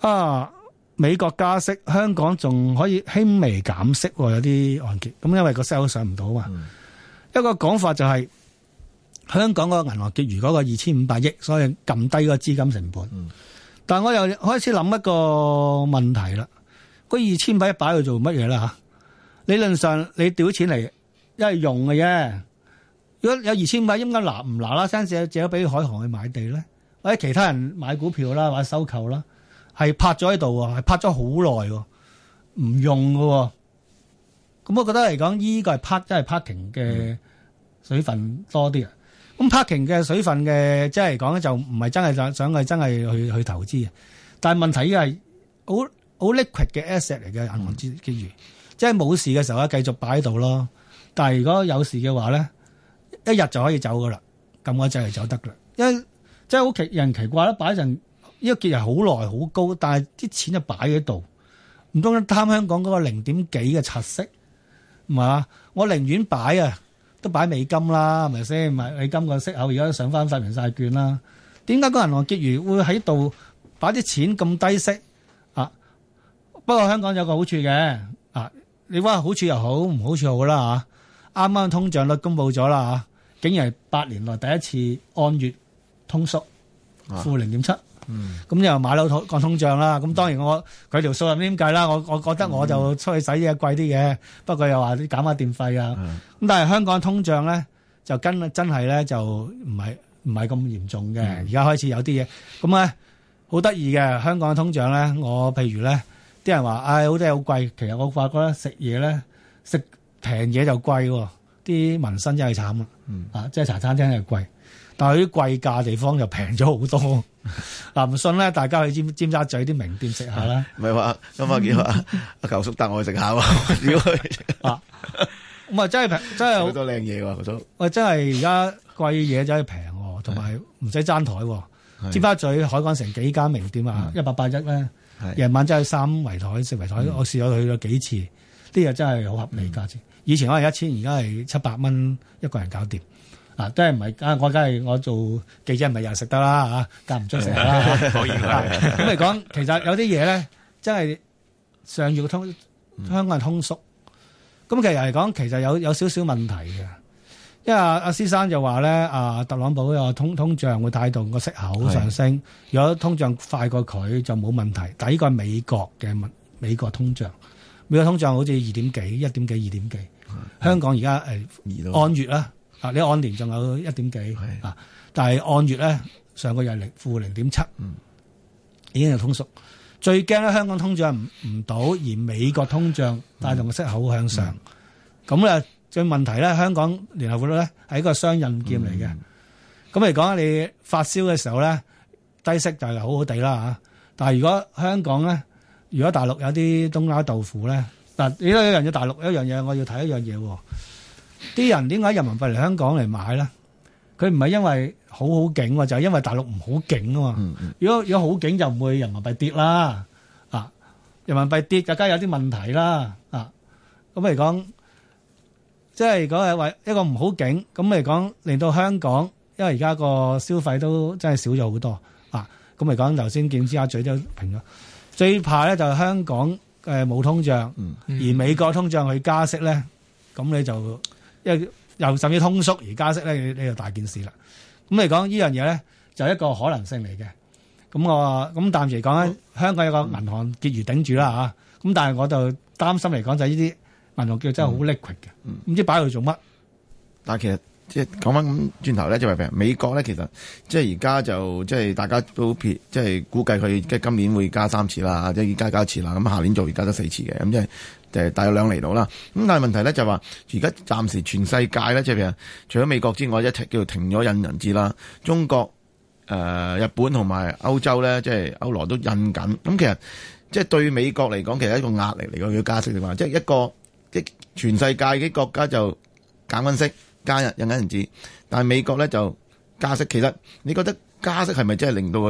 啊美國加息，香港仲可以輕微減息喎，有啲按揭，咁因為個 sell 上唔到嘛，嗯、一個講法就係、是。香港個銀行結餘個二千五百億，所以撳低個資金成本。嗯、但係我又開始諗一個問題啦，嗰二千五百億擺去做乜嘢啦？吓，理論上你調啲錢嚟一係用嘅啫。如果有二千五百億，應該拿唔拿啦聲借借咗俾海航去買地咧，或者其他人買股票啦，或者收購啦，係拍咗喺度啊，係拍咗好耐，唔用嘅。咁我覺得嚟講，呢個係 part，真係 parking 嘅水分多啲啊。咁 parking 嘅水分嘅，即係講咧，就唔係真係想想係真係去去投資嘅。但係問題呢家係好好 liquid 嘅 asset 嚟嘅，銀行之之餘，嗯、即係冇事嘅時候咧，繼續擺喺度咯。但係如果有事嘅話咧，一日就可以走噶啦，咁我就係走得噶。因為即係好奇人奇怪啦，擺一陣呢個結係好耐好高，但係啲錢就擺喺度，唔通貪香港嗰個零點幾嘅息息？唔係啊，我寧願擺啊！都擺美金啦，係咪先？美美金個息口而家上翻曬明晒券啦，點解個銀行結餘會喺度擺啲錢咁低息啊？不過香港有個好處嘅啊，你話好處又好，唔好處又好啦吓，啱啱通脹率公布咗啦吓，竟然係八年內第一次按月通縮，負零點七。啊。嗯，咁又、嗯、買樓通講通脹啦，咁、嗯、當然我佢條數又點計啦？我我覺得我就出去使嘢貴啲嘅，嗯、不過又話啲減下電費啊。咁、嗯、但係香港通脹咧，就跟真係咧就唔係唔係咁嚴重嘅，而家、嗯、開始有啲嘢。咁咧好得意嘅香港通脹咧，我譬如咧，啲人話唉好多嘢好貴，其實我發覺咧食嘢咧食平嘢就貴喎、哦，啲民生真係慘、嗯、啊！啊，即係茶餐廳係貴，但係啲貴價地方又平咗好多。嗯 嗱，唔信咧，大家去尖尖沙咀啲名店食下啦。唔係話，咁啊叫阿阿舅叔帶我去食下喎。啊，咁啊真係平，真係好多靚嘢喎，都喂真係而家貴嘢真係平，同埋唔使爭台。尖沙咀海港城幾間名店啊，一百八一咧，夜晚真係三圍台四圍台，我試咗去咗幾次，啲嘢真係好合理價錢。以前可能一千，而家係七百蚊一個人搞掂。是是啊，都係唔係？我梗係我做記者，唔係又食得啦嚇，間唔中食啦。咁嚟講，其實有啲嘢咧，真係上月通香港係通縮。咁、嗯嗯、其實嚟講，其實有有少少問題嘅。因為阿阿師生就話咧，啊特朗普又通通，通脹會帶動個息口上升。的如果通脹快過佢，就冇問題。但呢個係美國嘅美美國通脹，美國通脹好似二點幾、一點幾、二點幾。的香港而家誒按月啦。啊！你按年仲有一點幾係啊？但係按月咧，上個月零負零點七，已經係通縮。最驚咧，香港通脹唔唔到，而美國通脹帶動息口向上。咁咧、嗯嗯、最問題咧，香港聯合匯率咧係一個雙刃劍嚟嘅。咁嚟、嗯、講，你發燒嘅時候咧低息就係好好地啦、啊、但如果香港咧，如果大陸有啲冬瓜豆腐咧，嗱，幾多有人要大陸？有一樣嘢我要睇一樣嘢喎。啲人點解人民幣嚟香港嚟買咧？佢唔係因為好好景，就係因為大陸唔好景啊嘛，如果如果好景就唔會人民幣跌啦。啊，人民幣跌梗係有啲問題啦。啊，咁嚟講，即係如果係為一個唔好景，咁嚟講令到香港，因為而家個消費都真係少咗好多啊。咁嚟講，頭先見朱亞嘴都平咗。最怕咧就係香港誒冇通脹，而美國通脹去加息咧，咁你就。因為又甚至通縮而加息咧，呢呢就大件事啦。咁嚟講呢樣嘢咧，就一個可能性嚟嘅。咁我咁暫時嚟講咧，嗯、香港有一個銀行結餘頂住啦吓咁、嗯、但係我就擔心嚟講就呢啲銀行結餘真係好 liquid 嘅，唔、嗯嗯、知擺喺度做乜。但其實即係講翻轉頭咧，就係美國咧，其實即係而家就即係大家都撇，即係估計佢即今年會加三次啦，即係而家加一次啦。咁下年做而家都四次嘅，咁即就誒，大約兩厘度啦。咁但係問題咧就話，而家暫時全世界咧，即係除咗美國之外，一齊叫做停咗印銀紙啦。中國、誒、呃、日本同埋歐洲咧，即係歐羅都印緊。咁其實即係、就是、對美國嚟講，其實一個壓力嚟講，要加息嘅話，即係一個即全世界嘅國家就減息加日印緊銀紙，但係美國咧就加息。其實你覺得加息係咪真係令到？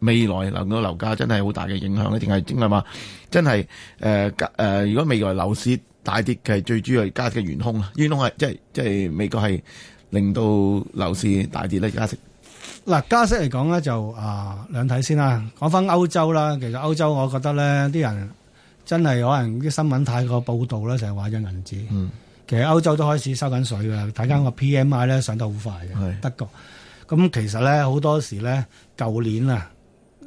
未來能夠樓價真係好大嘅影響咧，定係真係話真係誒誒，如果未來樓市大跌嘅最主要加息嘅元凶啦，元凶係即係即係美國係令到樓市大跌咧、嗯、加息呢。嗱加息嚟講呢就啊、呃、兩睇先啦，講翻歐洲啦，其實歐洲我覺得呢啲人真係可能啲新聞太過報道咧，成日話咗銀紙，嗯，其實歐洲都開始收緊水嘅，睇翻個 P M I 咧上得好快嘅，係是德國，咁其實咧好多時咧舊年啊。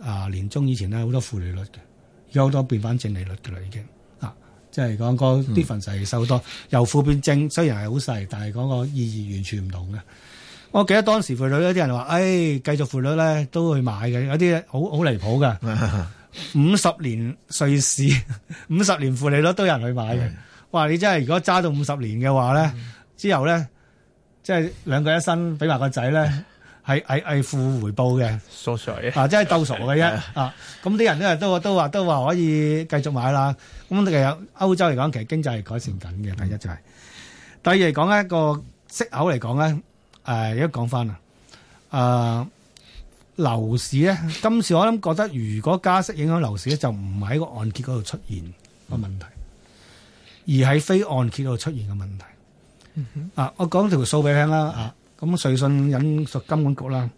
啊，年中以前咧，好多負利率嘅，而家好多變翻正利率嘅啦，已經啊，即係講個啲份勢收多、嗯、由負變正，雖然係好細，但係嗰個意義完全唔同嘅。我記得當時負利率有啲人話，誒、哎，繼續負利率咧，都去買嘅，有啲好好離譜嘅，五十 年瑞士，五十年負利率都有人去買嘅。的哇！你真係如果揸到五十年嘅話咧，嗯、之後咧，即係兩個一生俾埋個仔咧。 係係係負回報嘅，傻晒水啊！啊，即係鬥傻嘅啫啊！咁啲人咧都都話都話可以繼續買啦。咁其實歐洲嚟講，其實經濟係改善緊嘅。第一就係，第二嚟講呢個息口嚟講呢，誒，而家講翻啦，誒，樓市呢，今次我諗覺得，如果加息影響樓市呢，就唔係喺個按揭嗰度出現個問題，嗯、而喺非按揭度出現嘅問題。嗯、哼啊，我講條數俾你聽啦，啊。咁瑞信引述金管局啦，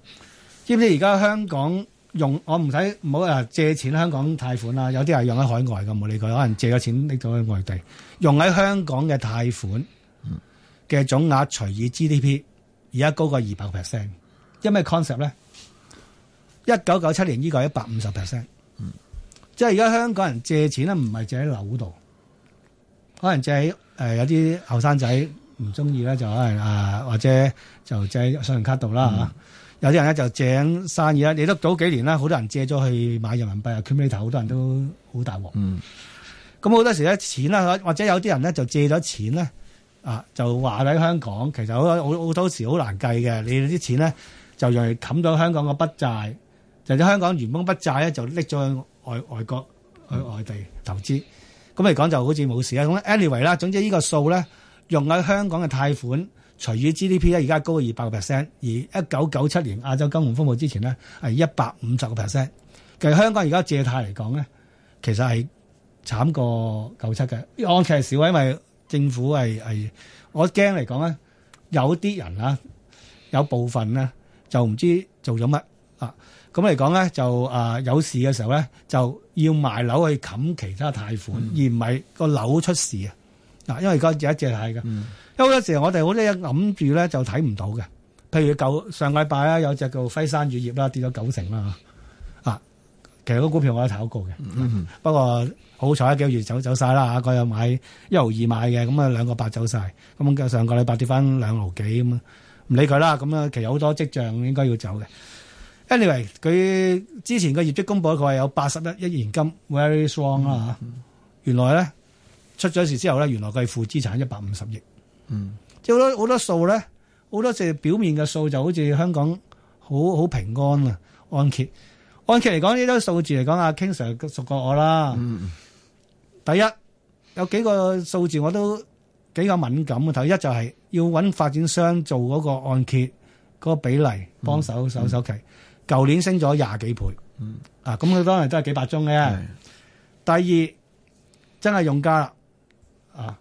知唔知而家香港用我唔使唔好話借錢香港貸款啦，有啲係用喺海外㗎，冇理佢，可能借咗錢拎咗去外地，用喺香港嘅貸款嘅總額除以 GDP，而家高過二百 percent，因咩 concept 咧，一九九七年依個係一百五十 percent，即係而家香港人借錢咧唔係借喺樓度，可能借喺、呃、有啲後生仔。唔中意咧，就可能啊，或者就借信用卡度啦、嗯、有啲人咧就借生意啦。你都早幾年啦，好多人借咗去買人民幣啊，Accumulator，好多人都好大鑊。嗯。咁好多時咧，錢啦或者有啲人咧就借咗錢咧，啊，就話喺香港，其實好，好好多時好難計嘅。你啲錢咧就用嚟冚咗香港嘅筆債，就啲、是、香港元工筆債咧就拎咗去外外國，去外地投資。咁嚟講就好似冇事啦。Anyway 啦，總之呢個數咧。用喺香港嘅貸款除以 GDP 咧，而家高過二百個 percent，而一九九七年亞洲金融風暴之前咧係一百五十個 percent。其實香港而家借貸嚟講咧，其實係慘過九七嘅，按揭係少，因為政府係係我驚嚟講咧，有啲人啊，有部分咧、啊、就唔知做咗乜啊。咁嚟講咧就啊有事嘅時候咧，就要賣樓去冚其他貸款，嗯、而唔係個樓出事啊。嗱，因為而家只一隻睇嘅，嗯、因為有時候我哋好多一諗住咧就睇唔到嘅。譬如舊上個禮拜啦，有隻叫輝山乳業啦，跌咗九成啦。啊，其實個股票我都炒過嘅、嗯嗯，不過好彩幾個月走走晒啦嚇。佢又買一毫二買嘅，咁啊兩個八走晒。咁上個禮拜跌翻兩毫幾咁啊，唔理佢啦。咁啊，其實好多跡象應該要走嘅。Anyway，佢之前個業績公佈，佢話有八十一億現金，very strong 啦、嗯嗯啊、原來咧。出咗事之後咧，原來佢係負資產一百五十億。嗯，即好多好多數咧，好多隻表面嘅數就好似香港好好平安啊、嗯，按揭按揭嚟講呢啲數字嚟講，啊 King Sir 熟過我啦。嗯嗯。第一有幾個數字我都幾個敏感嘅睇，第一就係要揾發展商做嗰個按揭嗰、那個比例，幫、嗯、手手手期，舊、嗯、年升咗廿幾倍。嗯。啊，咁佢當然都係幾百宗嘅。嗯、第二真係用家啦啊！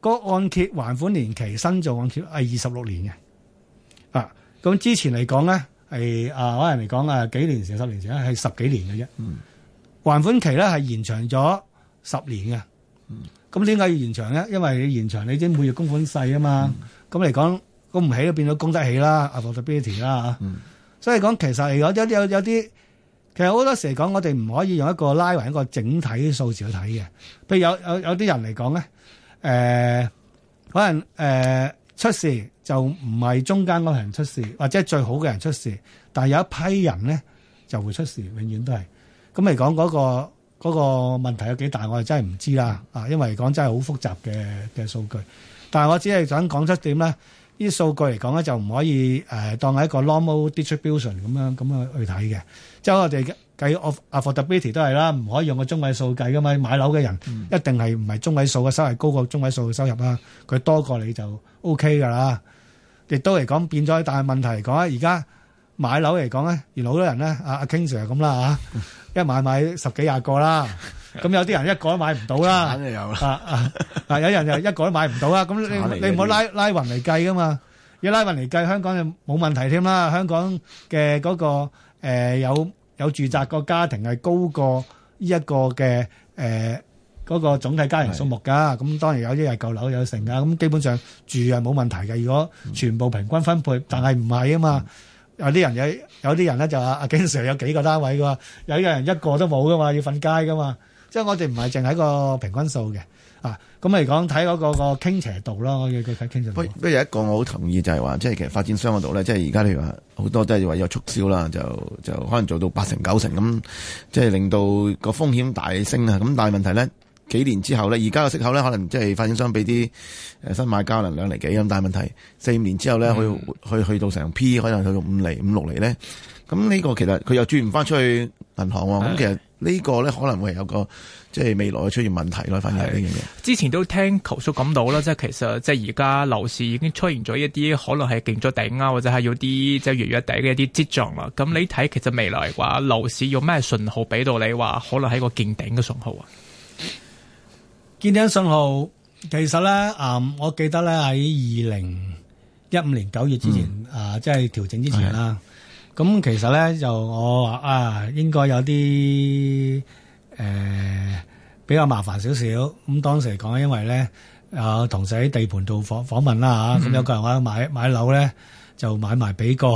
個按揭還款年期，新做按揭係二十六年嘅，啊咁之前嚟講咧係啊可能嚟講啊幾年前十年前，啦，係十幾年嘅啫。嗯、還款期咧係延長咗十年嘅，咁點解要延長咧？因為你延長，你已經每月供款細啊嘛，咁嚟講供唔起都變咗供得起啦，Affordability 啦嚇，嗯、所以講其實有有有有啲。有其實好多時嚟講，我哋唔可以用一個拉勻一個整體數字去睇嘅。譬如有有有啲人嚟講咧，誒、呃、可能誒、呃、出事就唔係中間嗰行人出事，或者係最好嘅人出事，但係有一批人咧就會出事，永遠都係。咁嚟講嗰個嗰、嗰個問題有幾大，我哋真係唔知啦。啊，因為講真係好複雜嘅嘅數據，但係我只係想講出點咧。啲數據嚟講咧，就唔可以誒、呃、當係一個 normal distribution 咁樣咁樣去睇嘅。即係我哋計 affordability 都係啦，唔可以用個中位數計噶嘛。買樓嘅人一定係唔係中位數嘅收入高過中位數嘅收入啦。佢多過你就 OK 㗎啦。亦都嚟講變咗，但係問題嚟講咧，而家買樓嚟講咧，原來好多人咧，阿阿 King Sir 咁啦嚇一買，買買十幾廿個啦。 咁有啲人一個都買唔到啦，肯定有啦。啊啊啊！有啲人又一個都買唔到啦。咁你你唔好拉拉勻嚟計㗎嘛，要拉勻嚟計，香港就冇問題添啦。香港嘅嗰個誒有有住宅個家庭係高過呢一個嘅誒嗰個總體家庭數目㗎。咁當然有啲人舊樓有成㗎，咁基本上住係冇問題嘅。如果全部平均分配，但係唔係啊嘛？有啲人有有啲人咧就話啊經常有幾個單位㗎，有啲人一個都冇㗎嘛，要瞓街㗎嘛。即係我哋唔係淨係一個平均數嘅，啊咁嚟講睇嗰個傾斜度咯，要要睇傾斜度。不不有一個我好同意就係、是、話，即係其實發展商嗰度咧，即係而家你如話好多即係話有促銷啦，就就可能做到八成九成咁，即係令到個風險大升啊！咁但係問題咧，幾年之後咧，而家嘅息口咧可能即係發展商俾啲誒新買家能量兩厘幾咁，但係問題四五年之後咧、嗯、去去去到成 P，可能去到五厘、五六厘咧，咁呢個其實佢又轉唔翻出去銀行喎，咁其實呢個咧可能會有個即係未來會出現問題咯，反而呢樣嘢。之前都聽球叔講到啦，即係其實即係而家樓市已經出現咗一啲可能係勁咗頂啊，或者係有啲即係弱弱頂嘅一啲跡象啦。咁你睇其實未來話樓市有咩信號俾到你話可能係個見頂嘅信號啊？見頂信號其實咧，嗯，我記得咧喺二零一五年九月之前、嗯、啊，即、就、係、是、調整之前啦。咁其實咧就我話啊，應該有啲誒、呃、比較麻煩少少。咁當時嚟講，因為咧啊，同事喺地盤度訪訪問啦吓，咁、嗯、有個人話買買樓咧就買埋俾個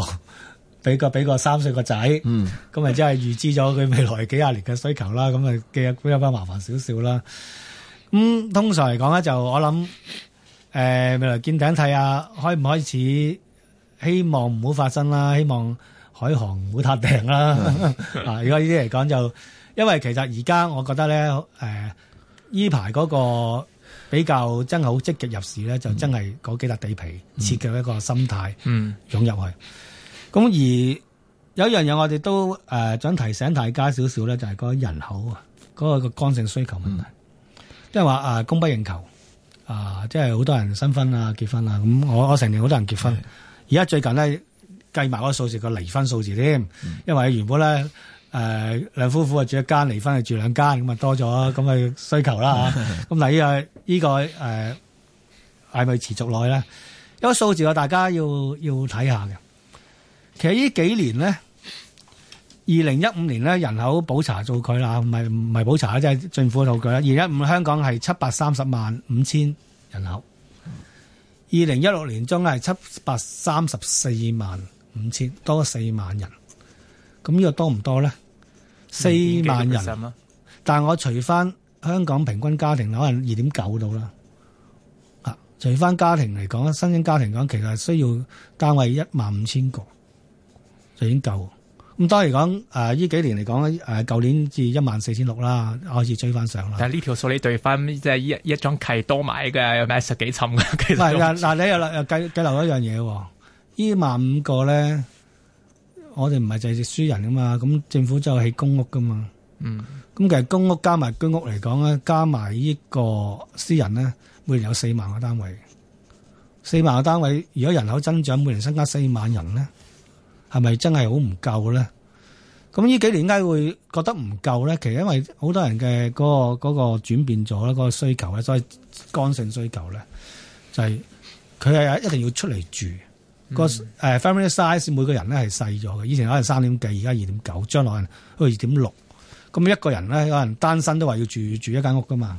俾個俾個三歲個仔，咁咪即係預知咗佢未來幾廿年嘅需求啦。咁啊，嘅股比較麻煩少少啦。咁、嗯、通常嚟講咧，就我諗誒、呃、未來見頂睇下開唔開始，希望唔好發生啦，希望。海航唔會塌定啦！啊， 如果呢啲嚟講就，因為其實而家我覺得咧，誒、呃，依排嗰個比較真係好積極入市咧，嗯、就真係嗰幾笪地皮，持腳、嗯、一個心態湧入去。咁、嗯、而有一樣嘢，我哋都誒想提醒大家少少咧，就係、是、嗰人口啊，嗰、那個個剛性需求問題，即係話啊供不應求啊、呃，即係好多人新婚啊結婚啊。咁我我成年好多人結婚，的而家最近咧。計埋嗰個數字個離婚數字添，嗯、因為原本咧誒兩夫婦住一間，離婚住兩就住兩間，咁啊多咗咁嘅需求啦吓。咁你呢個呢個誒係咪持續耐咧？有數字啊，大家要要睇下嘅。其實呢幾年呢，二零一五年呢人口普查做佢啦，唔係唔係普查即係、就是、政府做數據啦。二一五香港係七百三十萬五千人口，二零一六年中係七百三十四萬。五千多四萬人，咁、這、呢個多唔多咧？四萬人，但係我除翻香港平均家庭可能二點九到啦，啊，除翻家庭嚟講，新興家庭講其實需要單位一萬五千個，就已經夠。咁當然講誒，呢幾年嚟講，誒舊年至一萬四千六啦，開始追翻上啦。但係呢條數你對翻，即係一一張契多買嘅有咩十幾層嘅。唔係嗱嗱，你又計計漏一樣嘢喎。呢萬五個咧，我哋唔係就係輸人噶嘛，咁政府就起公屋噶嘛。嗯，咁其實公屋加埋居屋嚟講咧，加埋呢個私人咧，每年有四萬個單位。四萬個單位，如果人口增長，每年增加四萬人咧，係咪真係好唔夠咧？咁呢幾年解會覺得唔夠咧，其實因為好多人嘅嗰個嗰個轉變咗，嗰個需求咧，所以剛性需求咧，就係佢係一定要出嚟住。嗯、個 family size 每個人咧係細咗嘅，以前可能三點幾，而家二點九，將來可能都二點六。咁一個人咧，可能單身都話要住住一間屋噶嘛，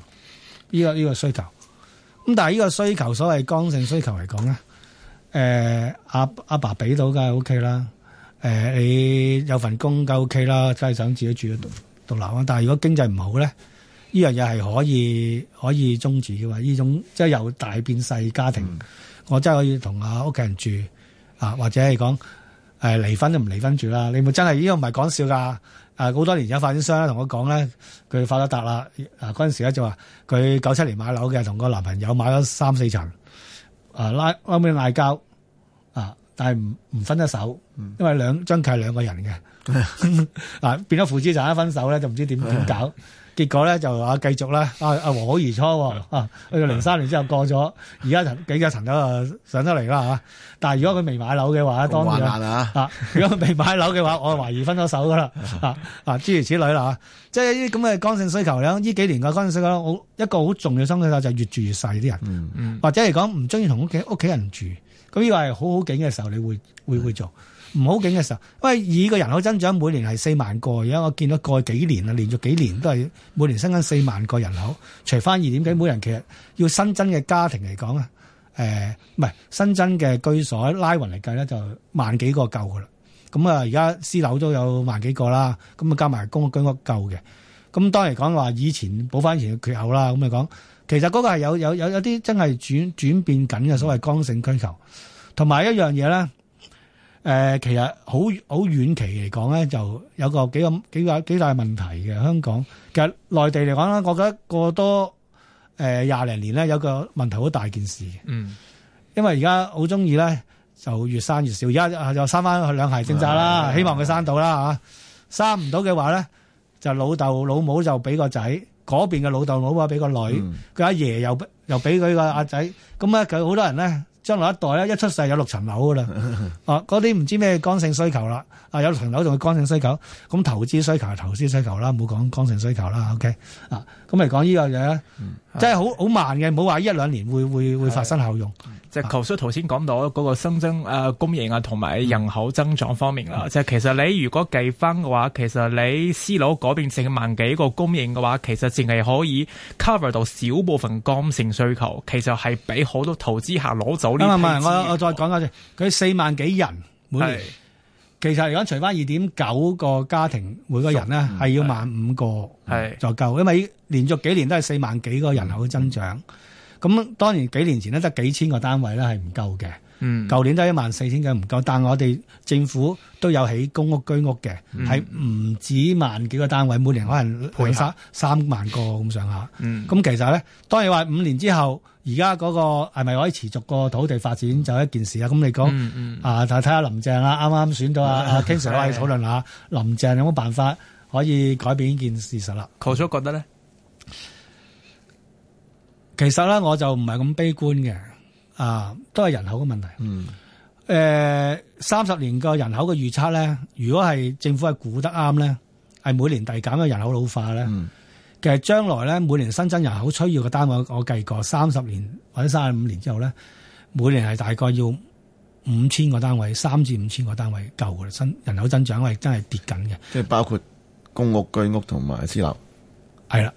呢個呢個需求。咁但係呢個需求，所謂剛性需求嚟講咧，誒阿阿爸俾到梗係 O K 啦。誒、呃、你有份工梗係 O K 啦，真係想自己住到獨，獨立。但係如果經濟唔好咧，呢樣嘢係可以可以終止嘅嘛。呢種即係由大變細家庭，嗯、我真係可以同阿屋企人住。啊，或者係講誒離婚都唔離婚住啦，你咪真係呢個唔係講笑噶，啊好多年有發展商咧同我講咧，佢發咗達啦，啊嗰陣時咧就話佢九七年買樓嘅，同個男朋友買咗三四層，啊拉後尾嗌交，啊但係唔唔分得手，因為兩張契係兩個人嘅，嗱 變咗父子就一分手咧就唔知點點搞。 結果咧就啊繼續啦，啊啊和好如初，啊去到零三年之後過咗，而家層幾個層都啊上出嚟啦吓。但係如果佢未買樓嘅話，當然啊，如果佢未買樓嘅話，我懷疑分咗手噶啦。啊啊諸如此類啦吓，即係呢啲咁嘅剛性需求咧，呢幾年嘅剛性需求好一個好重要心理就係越住越細啲人，或者嚟講唔中意同屋企屋企人住，咁呢個係好好景嘅時候，你會會會做。唔好景嘅時候，喂，以個人口增長每年係四萬個，而家我見到過幾年啦，連續幾年都係每年新增四萬個人口，除翻二點幾，每人其實要新增嘅家庭嚟講啊，誒、呃，唔係新增嘅居所拉勻嚟計咧，就萬幾個夠噶啦。咁啊，而家私樓都有萬幾個啦，咁啊加埋公屋居屋夠嘅。咁當然講話以前補翻以前嘅缺口啦。咁咪講，其實嗰個係有有有有啲真係轉轉變緊嘅所謂剛性需求，同埋一樣嘢咧。誒、呃，其實好好遠期嚟講咧，就有個幾個幾個幾大問題嘅香港。其實內地嚟講呢，我覺得過多誒廿零年咧，有個問題好大件事嘅、嗯，因為而家好中意咧，就越生越少。而家又生翻兩孩政策啦，哎、希望佢生到啦、哎哎、生唔到嘅話咧，就老豆老母就俾個仔嗰邊嘅老豆老母俾個女，佢阿、嗯、爺又又俾佢個阿仔。咁咧佢好多人咧。將來一代咧，一出世有六層樓噶啦， 啊，嗰啲唔知咩剛性需求啦，啊，有六層樓仲係剛性需求，咁投資需求係投資需求啦，唔好講剛性需求啦，OK，啊，咁嚟講呢個嘢咧。嗯即係好好慢嘅，唔好話一兩年會會會發生效用。即係球叔頭先講到嗰個新增誒供應啊，同埋人口增長方面啦。即係的其實你如果計翻嘅話，其實你私樓嗰邊淨萬幾個供應嘅話，其實淨係可以 cover 到少部分剛性需求。其實係俾好多投資客攞走呢啲。唔係我我再講下謝。佢四萬幾人每年，的其實如果除翻二點九個家庭每個人呢係要萬五個係就夠，因為。連續幾年都係四萬幾個人口增長，咁當然幾年前呢得幾千個單位咧係唔夠嘅。嗯，舊年都係一萬四千幾唔夠，但我哋政府都有起公屋居屋嘅，係唔、嗯、止萬幾個單位，每年可能起返三萬個咁上下。嗯，咁其實咧，當然話五年之後，而家嗰個係咪可以持續個土地發展就一件事、嗯嗯、啊？咁你講啊，但睇下林鄭啦，啱啱選咗啊，King Sir，可以討論下林鄭有冇辦法可以改變呢件事實啦，King Sir 覺得咧？嗯其實咧，我就唔係咁悲觀嘅，啊，都係人口嘅問題。嗯，誒、呃，三十年個人口嘅預測咧，如果係政府係估得啱咧，係每年遞減嘅人口老化咧。嗯、其實將來咧，每年新增人口需要嘅單位，我計過三十年或者三十五年之後咧，每年係大概要五千個單位，三至五千個單位夠嘅，新人口增長係真係跌緊嘅，即係包括公屋、居屋同埋私樓。係啦，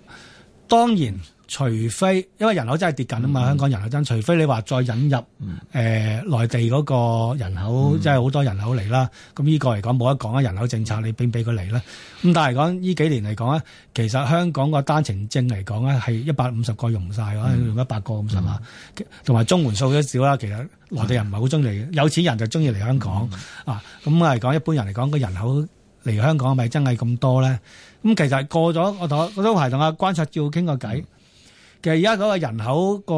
當然。除非，因為人口真係跌緊啊嘛，嗯、香港人口真係，除非你話再引入誒、嗯呃、內地嗰個人口，嗯、即係好多人口嚟啦。咁呢個嚟講冇得講啊，人口政策你俾唔俾佢嚟啦。咁但係講呢幾年嚟講咧，其實香港個單程證嚟講咧係一百五十個用晒，可能、嗯、用一百個咁上下，同埋、嗯、綜援數都少啦。其實內地人唔係好中意嚟，啊、有錢人就中意嚟香港、嗯、啊。咁嚟講一般人嚟講，個人口嚟香港咪真係咁多咧？咁其實過咗我同我都排同阿關焯照傾個偈。其實而家嗰個人口個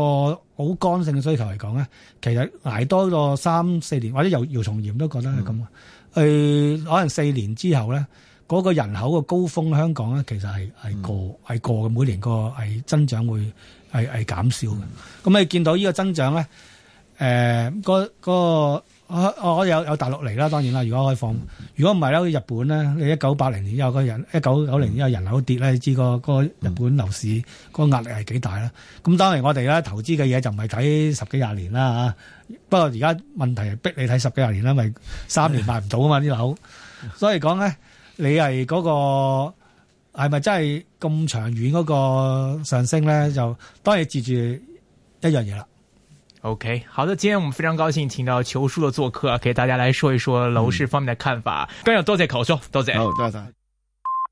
好剛性嘅需求嚟講咧，其實捱多咗三四年，或者由姚松炎都覺得係咁啊。佢、嗯呃、可能四年之後咧，嗰、嗰個人口嘅高峰，香港咧其實係係過係、嗯、過嘅，每年嗰個係增長會係係減少嘅。咁、嗯、你見到呢個增長咧，誒嗰嗰個。我、啊、我有有大陸嚟啦，當然啦。如果可以放，如果唔係咧，好似日本咧，你一九八零年之後嗰人，一九九零年有人口跌咧，你知個個日本樓市個壓力係幾大啦。咁、嗯、當然我哋咧投資嘅嘢就唔係睇十幾廿年啦嚇。不過而家問題係逼你睇十幾廿年啦，咪、就是、三年賣唔到啊嘛啲樓。嗯、所以講咧，你係嗰、那個係咪真係咁長遠嗰個上升咧？就當然自住一樣嘢啦。OK，好的，今天我們非常高興請到球叔的做客，給大家來說一說樓市方面的看法。更要多謝球叔，多謝，多謝。